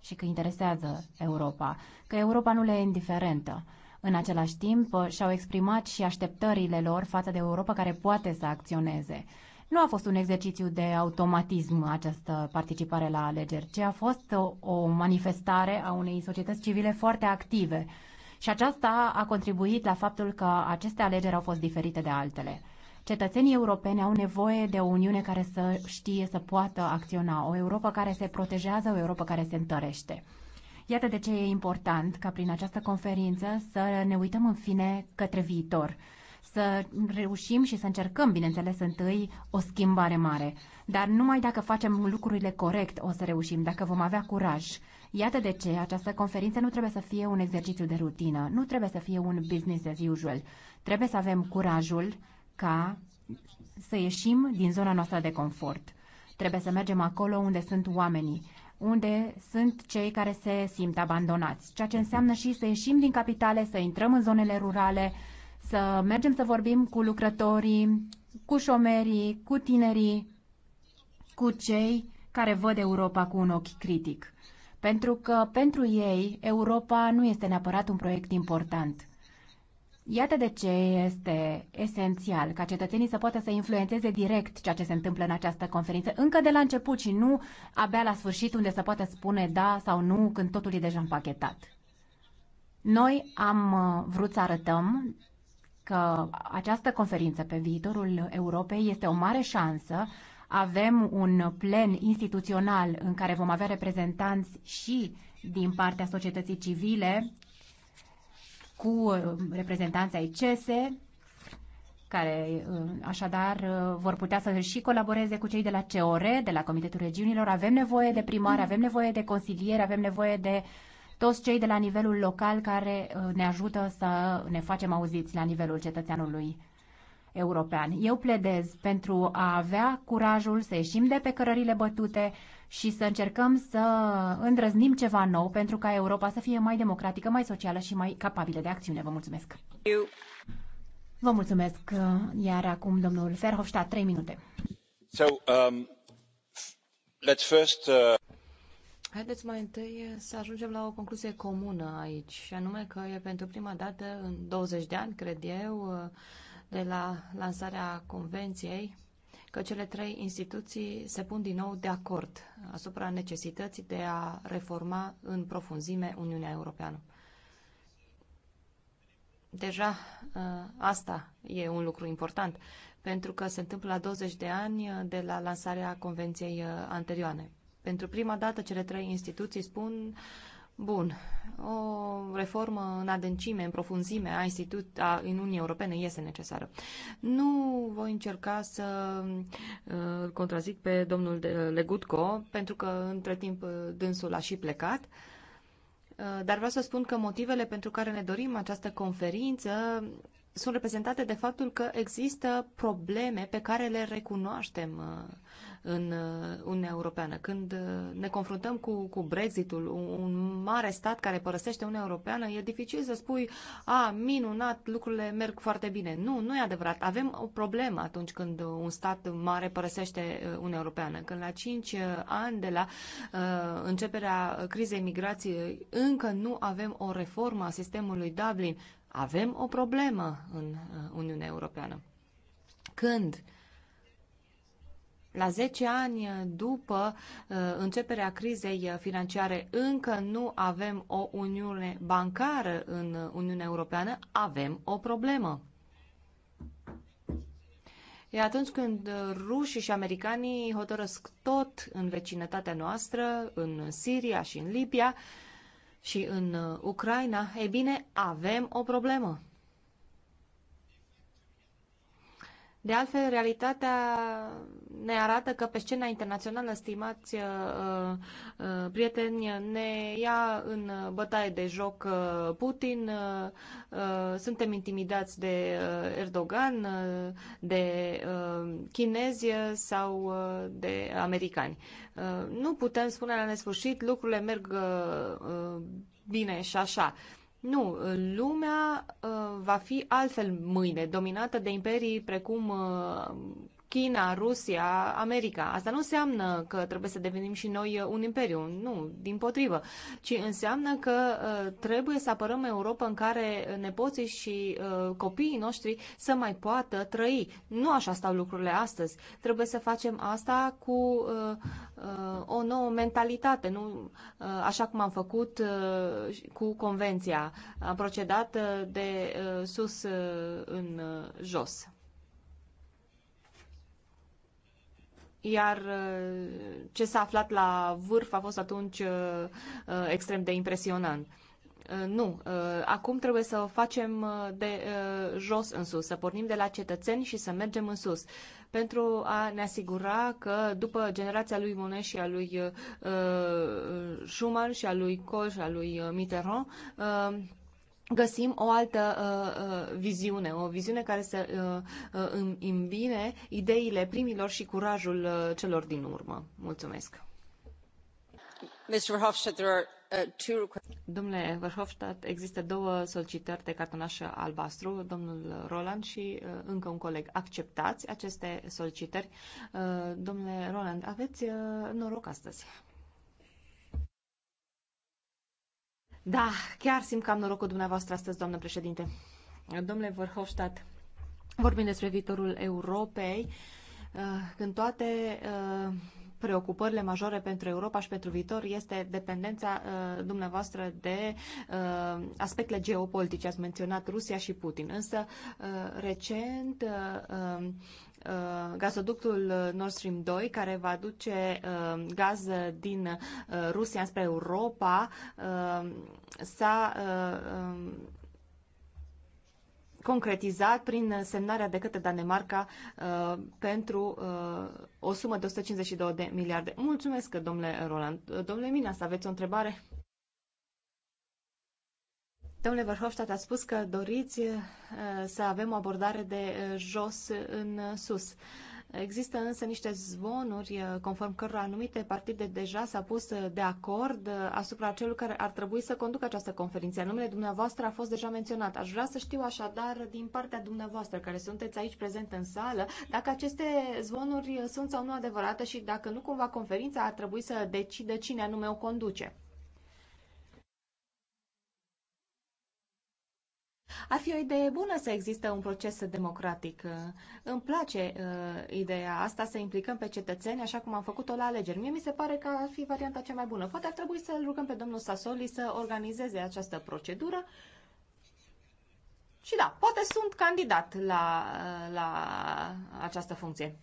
și că interesează Europa, că Europa nu le e indiferentă. În același timp, și-au exprimat și așteptările lor față de Europa care poate să acționeze. Nu a fost un exercițiu de automatism această participare la alegeri, ci a fost o manifestare a unei societăți civile foarte active. Și aceasta a contribuit la faptul că aceste alegeri au fost diferite de altele. Cetățenii europeni au nevoie de o Uniune care să știe să poată acționa, o Europa care se protejează, o Europa care se întărește. Iată de ce e important ca prin această conferință să ne uităm în fine către viitor să reușim și să încercăm, bineînțeles, întâi o schimbare mare. Dar numai dacă facem lucrurile corect o să reușim, dacă vom avea curaj. Iată de ce această conferință nu trebuie să fie un exercițiu de rutină, nu trebuie să fie un business as usual. Trebuie să avem curajul ca să ieșim din zona noastră de confort. Trebuie să mergem acolo unde sunt oamenii, unde sunt cei care se simt abandonați, ceea ce înseamnă și să ieșim din capitale, să intrăm în zonele rurale, să mergem să vorbim cu lucrătorii, cu șomerii, cu tinerii, cu cei care văd Europa cu un ochi critic. Pentru că pentru ei Europa nu este neapărat un proiect important. Iată de ce este esențial ca cetățenii să poată să influențeze direct ceea ce se întâmplă în această conferință, încă de la început și nu abia la sfârșit unde să poată spune da sau nu când totul e deja împachetat. Noi am uh, vrut să arătăm că această conferință pe viitorul Europei este o mare șansă. Avem un plen instituțional în care vom avea reprezentanți și din partea societății civile cu uh, reprezentanții ai CESE, care uh, așadar uh, vor putea să și colaboreze cu cei de la CEOR, de la Comitetul Regiunilor. Avem nevoie de primari, avem nevoie de consilieri, avem nevoie de uh, toți cei de la nivelul local care uh, ne ajută să ne facem auziți la nivelul cetățeanului european. Eu pledez pentru a avea curajul să ieșim de pe cărările bătute și să încercăm să îndrăznim ceva nou pentru ca Europa să fie mai democratică, mai socială și mai capabilă de acțiune. Vă mulțumesc! Eu. Vă mulțumesc! Uh, iar acum domnul Ferhofstadt, trei minute. So, um, let's first, uh... Haideți mai întâi să ajungem la o concluzie comună aici, și anume că e pentru prima dată în 20 de ani, cred eu, de la lansarea convenției, că cele trei instituții se pun din nou de acord asupra necesității de a reforma în profunzime Uniunea Europeană. Deja ă, asta e un lucru important, pentru că se întâmplă la 20 de ani de la lansarea convenției ă, anterioare. Pentru prima dată, cele trei instituții spun Bun. O reformă în adâncime, în profunzime a, institut, a Uniunea Europene este necesară. Nu voi încerca să uh, contrazic pe domnul uh, Legutko, pentru că între timp uh, dânsul a și plecat. Uh, dar vreau să spun că motivele pentru care ne dorim această conferință sunt reprezentate de faptul că există probleme pe care le recunoaștem în uh, Uniunea Europeană. Când uh, ne confruntăm cu, cu Brexitul, un mare stat care părăsește Uniunea Europeană, e dificil să spui, a, minunat, lucrurile merg foarte bine. Nu, nu e adevărat. Avem o problemă atunci când un stat mare părăsește uh, Uniunea Europeană. Când la 5 ani de la uh, începerea crizei migrației încă nu avem o reformă a sistemului Dublin, avem o problemă în Uniunea Europeană. Când uh, la 10 ani după uh, începerea crizei financiare încă nu avem o uniune bancară în Uniunea Europeană, avem o problemă. E atunci când rușii și americanii hotărăsc tot în vecinătatea noastră, în Siria și în Libia și în uh, Ucraina, e bine, avem o problemă. De altfel, realitatea ne arată că pe scena internațională, stimați uh, uh, prieteni, ne ia în bătaie de joc uh, Putin, uh, uh, suntem intimidați de uh, Erdogan, uh, de uh, chinezi sau uh, de americani. Uh, nu putem spune la nesfârșit, lucrurile merg uh, uh bine și așa. Uh, nu, lumea uh, va fi altfel mâine, dominată de imperii precum uh, China, Rusia, America. Asta nu înseamnă că trebuie să devenim și noi uh, un imperiu, nu, din potrivă, ci înseamnă că uh, trebuie să apărăm Europa în care nepoții și uh, copiii noștri să mai poată trăi. Nu așa stau lucrurile astăzi. Trebuie să facem asta cu o nouă mentalitate, nu așa cum am făcut cu convenția. Am procedat de sus în jos. iar uh, ce s-a aflat la vârf a fost atunci uh, uh, extrem de impresionant. Nu, acum trebuie să facem de jos în sus, să pornim de la cetățeni și să mergem în sus, pentru a ne asigura că după generația lui Monet și a lui Schumann și a lui Kohl și a lui Mitterrand, găsim o altă uh, uh, viziune, o viziune care să uh, uh, îmbine ideile primilor și curajul uh, celor din urmă. Mulțumesc. Mr. Hofstadt, there are uh, two... Domnule Verhofstadt, există două solicitări de cartonaș albastru, domnul Roland și uh, încă un coleg. Acceptați aceste solicitări? Uh, domnule Roland, aveți uh, noroc astăzi. Da, chiar simt că am noroc cu dumneavoastră astăzi, doamnă președinte. Domnule Vărhoștat, vorbim despre viitorul Europei, uh, când toate uh, preocupările majore pentru Europa și pentru viitor este dependența uh, dumneavoastră de aspectele geopolitice. Ați menționat Rusia și Putin. Însă, recent, Uh, gazoductul Nord Stream 2, care va duce uh, gaz din uh, Rusia spre Europa, s-a um, concretizat prin semnarea de către Danemarca pentru o sumă de 152 de miliarde. Mulțumesc, domnule Roland. Domnule Minas, aveți o întrebare? Domnule Verhofstadt a spus că doriți uh, să avem o abordare de uh, jos în uh, sus. Există însă niște zvonuri conform cărora anumite partide deja s-au pus de acord asupra celor care ar trebui să conducă această conferință. Numele dumneavoastră a fost deja menționat. Aș vrea să știu așadar din partea dumneavoastră, care sunteți aici prezent în sală, dacă aceste zvonuri sunt sau nu adevărate și dacă nu cumva conferința ar trebui să decide cine anume o conduce. Ar fi o idee bună să existe un proces democratic. Îmi place uh, ideea asta să implicăm pe cetățeni așa cum am făcut-o la alegeri. Mie mi se pare că ar fi varianta cea mai bună. Poate ar trebui să-l rugăm pe domnul Sasoli să organizeze această procedură și da, poate sunt candidat la, uh, la această funcție.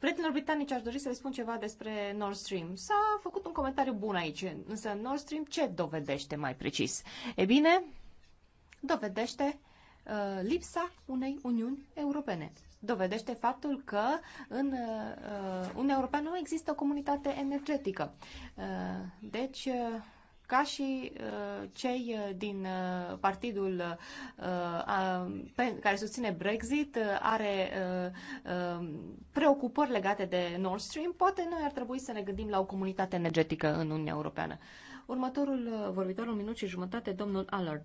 Prietenilor britanici aș dori să le spun ceva despre Nord Stream. S-a făcut un comentariu bun aici, însă Nord Stream ce dovedește mai precis? E bine, dovedește uh, lipsa unei Uniuni Europene. Dovedește faptul că în uh, uh Uniunea Europeană nu există o comunitate energetică. Uh, deci, uh, ca și uh, cei uh, din uh, partidul uh, a, pe, care susține Brexit, uh, are uh, uh, preocupări legate de Nord Stream, poate noi ar trebui să ne gândim la o comunitate energetică în Uniunea Europeană. Următorul uh, vorbitor, un minut și jumătate, domnul Allard.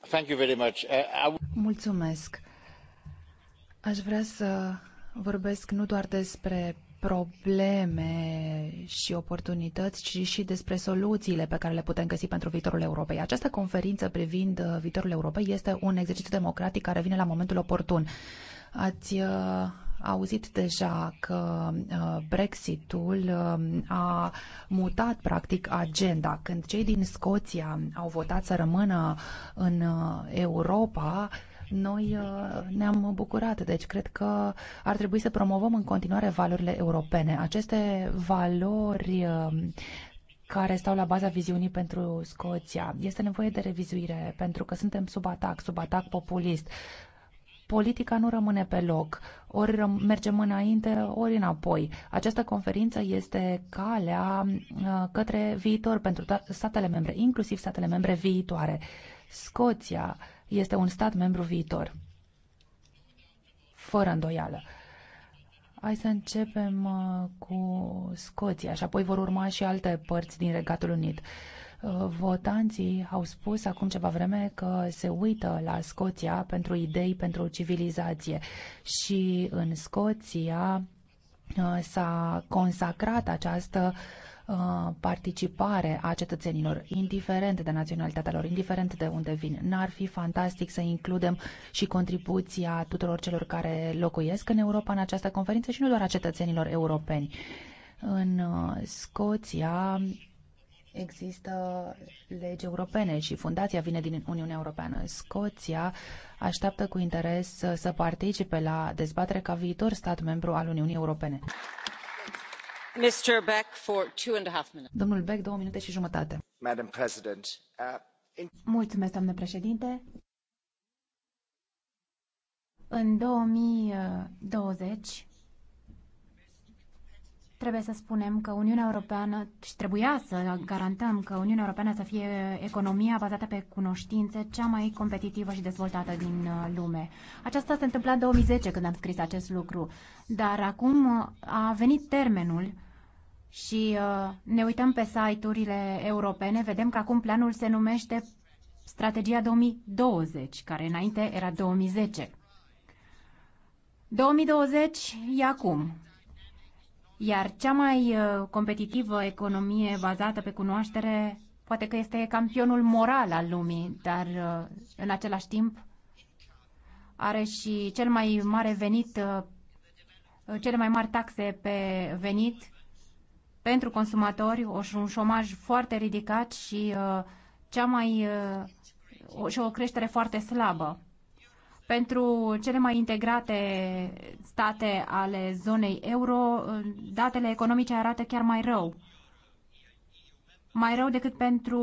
Thank you very much. Uh, Mulțumesc. Aș vrea să vorbesc nu doar despre probleme și oportunități, ci și despre soluțiile pe care le putem găsi pentru viitorul Europei. Această conferință privind uh, viitorul Europei este un exercițiu democratic care vine la momentul oportun. Ați uh, auzit deja că uh, Brexitul a mutat practic agenda. Când cei din Scoția au votat să rămână în Europa, noi uh, ne-am bucurat, deci cred că ar trebui să promovăm în continuare valorile europene. Aceste valori uh, care stau la baza viziunii pentru Scoția. Este nevoie de revizuire pentru că suntem sub atac, sub atac populist. Politica nu rămâne pe loc, ori mergem înainte, ori înapoi. Această conferință este calea uh, către viitor pentru statele membre, inclusiv statele membre viitoare. Scoția este un stat membru viitor. Fără îndoială. Hai să începem uh, cu Scoția și apoi vor urma și alte părți din Regatul Unit. Uh, votanții au spus acum ceva vreme că se uită la Scoția pentru idei, pentru civilizație și în Scoția uh, s-a consacrat această uh, Uh, participare a cetățenilor, indiferent de naționalitatea lor, indiferent de unde vin. N-ar fi fantastic să includem și contribuția tuturor celor care locuiesc în Europa în această conferință și nu doar a cetățenilor europeni. În uh, Scoția există legi europene și fundația vine din Uniunea Europeană. Scoția așteaptă cu interes să participe la dezbatere ca viitor stat membru al Uniunii Europene doamnă președintă în două mii douăzeci trebuie să spunem că Uniunea Europeană și trebuia să garantăm că Uniunea Europeană să fie economia bazată pe cunoștințe cea mai competitivă și dezvoltată din uh, lume. Aceasta s-a întâmplat în 2010 când am scris acest lucru, dar acum uh, a venit termenul și uh, ne uităm pe site-urile europene, vedem că acum planul se numește Strategia 2020, care înainte era 2010. 2020 e acum. Iar cea mai uh, competitivă economie bazată pe cunoaștere poate că este campionul moral al lumii, dar uh, în același timp are și cel mai mare venit, cele mai mari taxe pe venit pentru consumatori, un șomaj foarte ridicat și uh, cea mai uh, și o creștere foarte slabă. Pentru cele mai integrate state ale zonei euro, uh, datele economice arată chiar mai rău. Mai rău decât pentru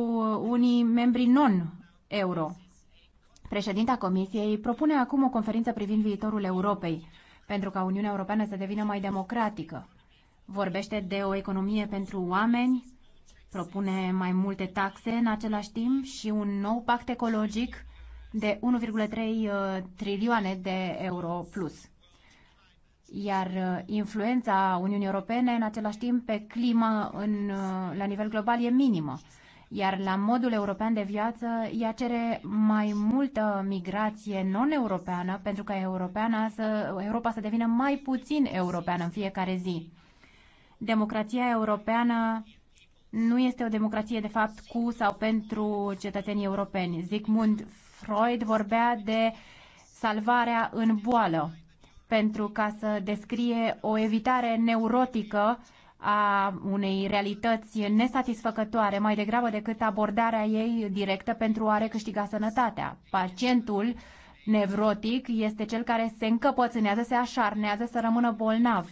unii membri non-euro. Președinta Comisiei propune acum o conferință privind viitorul Europei, pentru ca Uniunea Europeană să devină mai democratică vorbește de o economie pentru oameni, propune mai multe taxe în același timp și un nou pact ecologic de 1,3 uh, trilioane de euro plus. Iar uh, influența Uniunii Europene în același timp pe climă în, uh, la nivel global e minimă. Iar la modul european de viață, ea cere mai multă migrație non-europeană pentru ca europeana să, Europa să devină mai puțin europeană în fiecare zi democrația europeană nu este o democrație, de fapt, cu sau pentru cetățenii europeni. Zigmund Freud vorbea de salvarea în boală pentru ca să descrie o evitare neurotică a unei realități nesatisfăcătoare, mai degrabă decât abordarea ei directă pentru a recâștiga sănătatea. Pacientul nevrotic este cel care se încăpățânează, se așarnează să rămână bolnav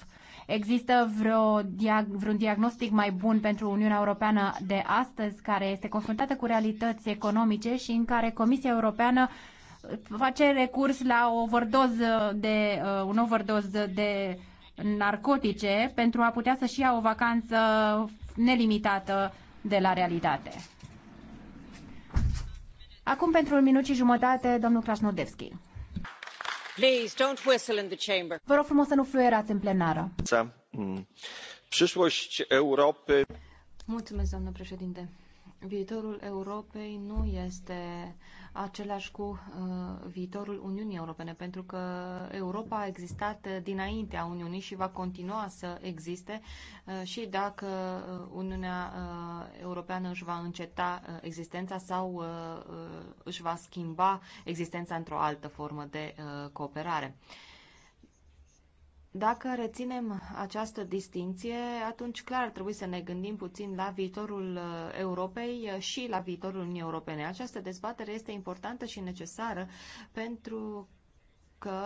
Există vreo diag- vreun diagnostic mai bun pentru Uniunea Europeană de astăzi, care este confruntată cu realități economice și în care Comisia Europeană face recurs la o overdoză de, uh, un overdoză de narcotice pentru a putea să-și ia o vacanță nelimitată de la realitate. Acum pentru un minut și jumătate, domnul Krasnodevski vă rog frumos să nu fluierați în plenară. Mm, Mulțumesc, doamnă președintă viitorul europei nu este același cu uh, viitorul Uniunii Europene, pentru că Europa a existat uh, dinaintea Uniunii și va continua să existe uh, și dacă uh, Uniunea uh, Europeană își va înceta uh, existența sau uh, uh, își va schimba existența într-o altă formă de uh, cooperare. Uh, dacă reținem această distinție, atunci clar ar trebui să ne gândim puțin la viitorul uh, Europei uh, și la viitorul Uniunii Europene. Această dezbatere este importantă și necesară pentru că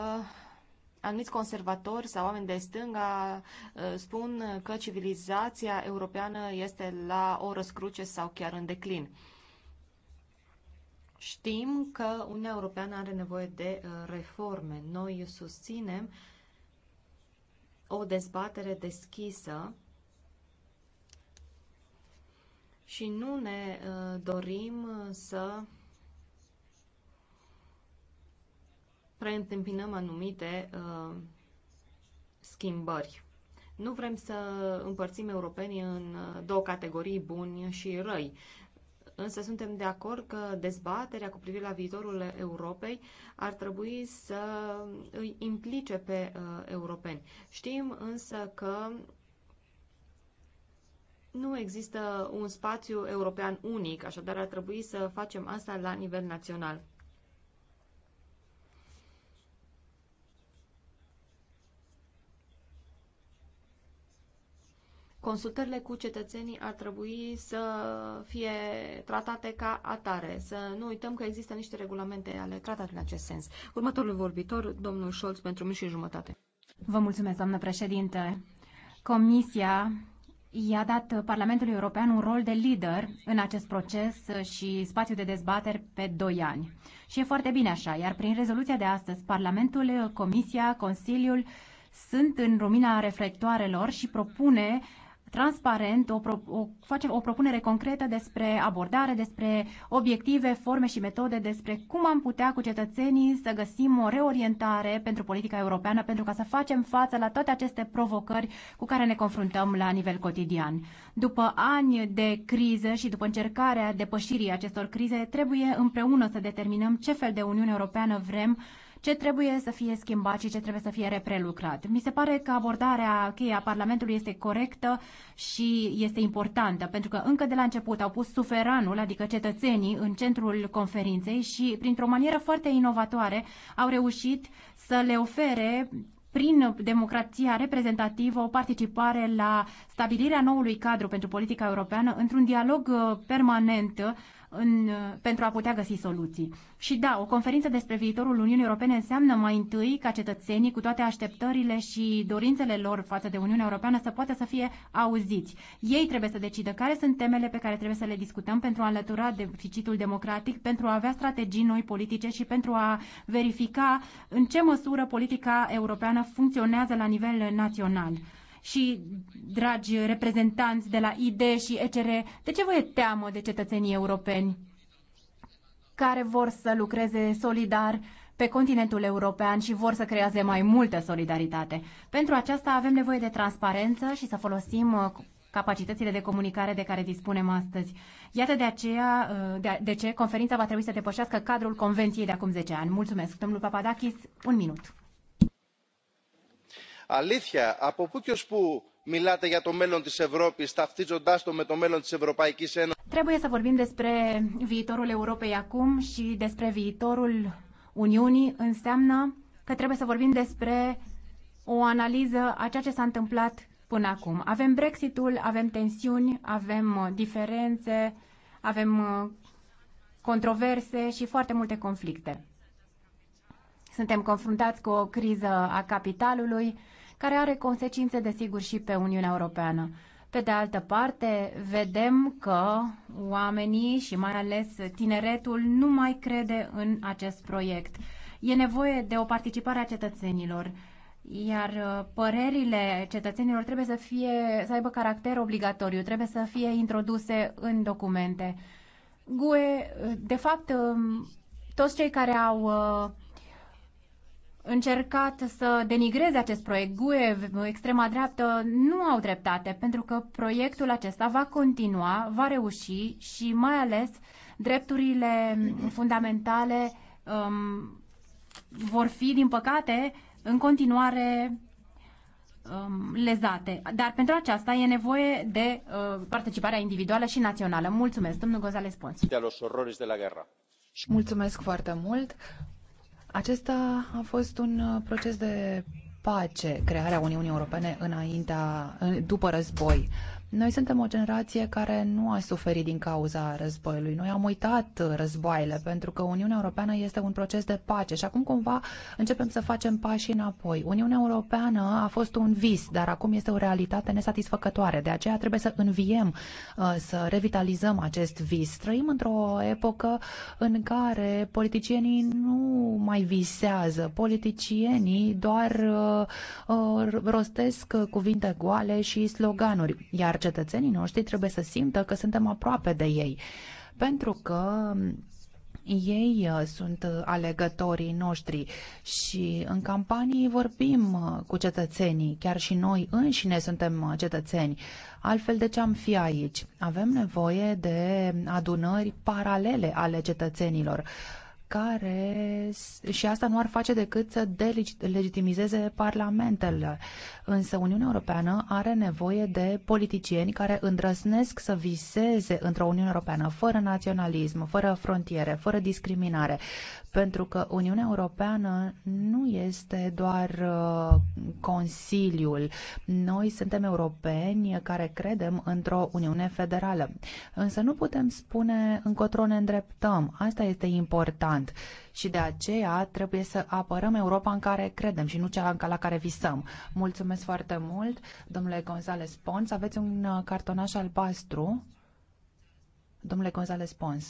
anumiți conservatori sau oameni de stânga uh, spun că civilizația europeană este la o răscruce sau chiar în declin. Știm că Uniunea Europeană are nevoie de reforme. Noi susținem uh, o dezbatere deschisă și nu ne uh, dorim uh, să preîntâmpinăm anumite uh, schimbări. Nu vrem să împărțim europenii în două categorii, buni și răi. Însă suntem de acord că dezbaterea cu privire la viitorul Europei ar trebui să îi implice pe uh, europeni. Știm însă că nu există un spațiu european unic, așadar ar trebui să facem asta la nivel național. Consultările cu cetățenii ar trebui să fie tratate ca atare. Să nu uităm că există niște regulamente ale tratatului în acest sens. Următorul vorbitor, domnul Scholz, pentru minut și jumătate. Vă mulțumesc, doamnă președinte. Comisia i-a dat Parlamentului European un rol de lider în acest proces și spațiu de dezbateri pe doi ani. Și e foarte bine așa, iar prin rezoluția de astăzi, Parlamentul, Comisia, Consiliul sunt în lumina reflectoarelor și propune transparent, o, pro, o, face o propunere concretă despre abordare, despre obiective, forme și metode, despre cum am putea cu cetățenii să găsim o reorientare pentru politica europeană, pentru ca să facem față la toate aceste provocări cu care ne confruntăm la nivel cotidian. După ani de criză și după încercarea depășirii acestor crize, trebuie împreună să determinăm ce fel de Uniune Europeană vrem ce trebuie să fie schimbat și ce trebuie să fie reprelucrat. Mi se pare că abordarea cheia a Parlamentului este corectă și este importantă, pentru că încă de la început au pus suferanul, adică cetățenii, în centrul conferinței și, printr-o manieră foarte inovatoare, au reușit să le ofere prin democrația reprezentativă o participare la stabilirea noului cadru pentru politica europeană într-un dialog uh, permanent în, pentru a putea găsi soluții. Și da, o conferință despre viitorul Uniunii Europene înseamnă mai întâi ca cetățenii, cu toate așteptările și dorințele lor față de Uniunea Europeană, să poată să fie auziți. Ei trebuie să decidă care sunt temele pe care trebuie să le discutăm pentru a alătura deficitul democratic, pentru a avea strategii noi politice și pentru a verifica în ce măsură politica europeană funcționează la nivel național și dragi reprezentanți de la ID și ECR, de ce vă e teamă de cetățenii europeni care vor să lucreze solidar pe continentul european și vor să creeze mai multă solidaritate? Pentru aceasta avem nevoie de transparență și să folosim uh, capacitățile de comunicare de care dispunem astăzi. Iată de aceea, uh, de, de ce conferința va trebui să depășească cadrul convenției de acum 10 ani. Mulțumesc. Domnul Papadakis, un minut αλήθεια από πού και ως πού μιλάτε για το μέλλον της Ευρώπης ταυτίζοντάς το με το μέλλον της Ευρωπαϊκής Ένωσης. Trebuie să vorbim despre viitorul Europei acum și despre viitorul Uniunii înseamnă că trebuie să vorbim despre o analiză a ceea ce s-a întâmplat până acum. Avem Brexitul, avem tensiuni, avem diferențe, avem uh, controverse și foarte multe conflicte. Suntem confruntați cu o criză a capitalului care are consecințe, desigur, și pe Uniunea Europeană. Pe de altă parte, vedem că oamenii și mai ales tineretul nu mai crede în acest proiect. E nevoie de o participare a cetățenilor, iar uh, părerile cetățenilor trebuie să, fie, să aibă caracter obligatoriu, trebuie să fie introduse în documente. GUE, uh, de fapt, um, toți cei care au uh, încercat să denigreze acest proiect. GUE, extrema dreaptă, nu au dreptate, pentru că proiectul acesta va continua, va reuși și mai ales drepturile fundamentale um, vor fi, din păcate, în continuare um, lezate. Dar pentru aceasta e nevoie de uh, participarea individuală și națională. Mulțumesc, domnul Gozales Pons. Mulțumesc foarte mult. Acesta a fost un uh, proces de pace, crearea Uniunii Europene înaintea, după război. Noi suntem o generație care nu a suferit din cauza războiului. Noi am uitat războaiele pentru că Uniunea Europeană este un proces de pace și acum cumva începem să facem pași înapoi. Uniunea Europeană a fost un vis, dar acum este o realitate nesatisfăcătoare. De aceea trebuie să înviem, uh, să revitalizăm acest vis. Trăim într-o epocă în care politicienii nu mai visează. Politicienii doar uh, uh, rostesc cuvinte goale și sloganuri. Iar cetățenii noștri trebuie să simtă că suntem aproape de ei. Pentru că ei uh, sunt uh, alegătorii noștri și în campanii vorbim uh, cu cetățenii, chiar și noi înșine suntem cetățeni. Altfel de ce am fi aici? Avem nevoie de adunări paralele ale cetățenilor care și asta nu ar face decât să delegitimizeze parlamentele. Însă Uniunea Europeană are nevoie de politicieni care îndrăznesc să viseze într-o Uniune Europeană fără naționalism, fără frontiere, fără discriminare, pentru că Uniunea Europeană nu este doar uh, Consiliul. Noi suntem europeni care credem într-o Uniune Federală. Însă nu putem spune încotro ne îndreptăm. Asta este important important și de aceea trebuie să apărăm Europa în care credem și nu cea la care visăm. Mulțumesc foarte mult, domnule Gonzales Pons. Aveți un uh, cartonaș albastru. Domnule Gonzales Pons.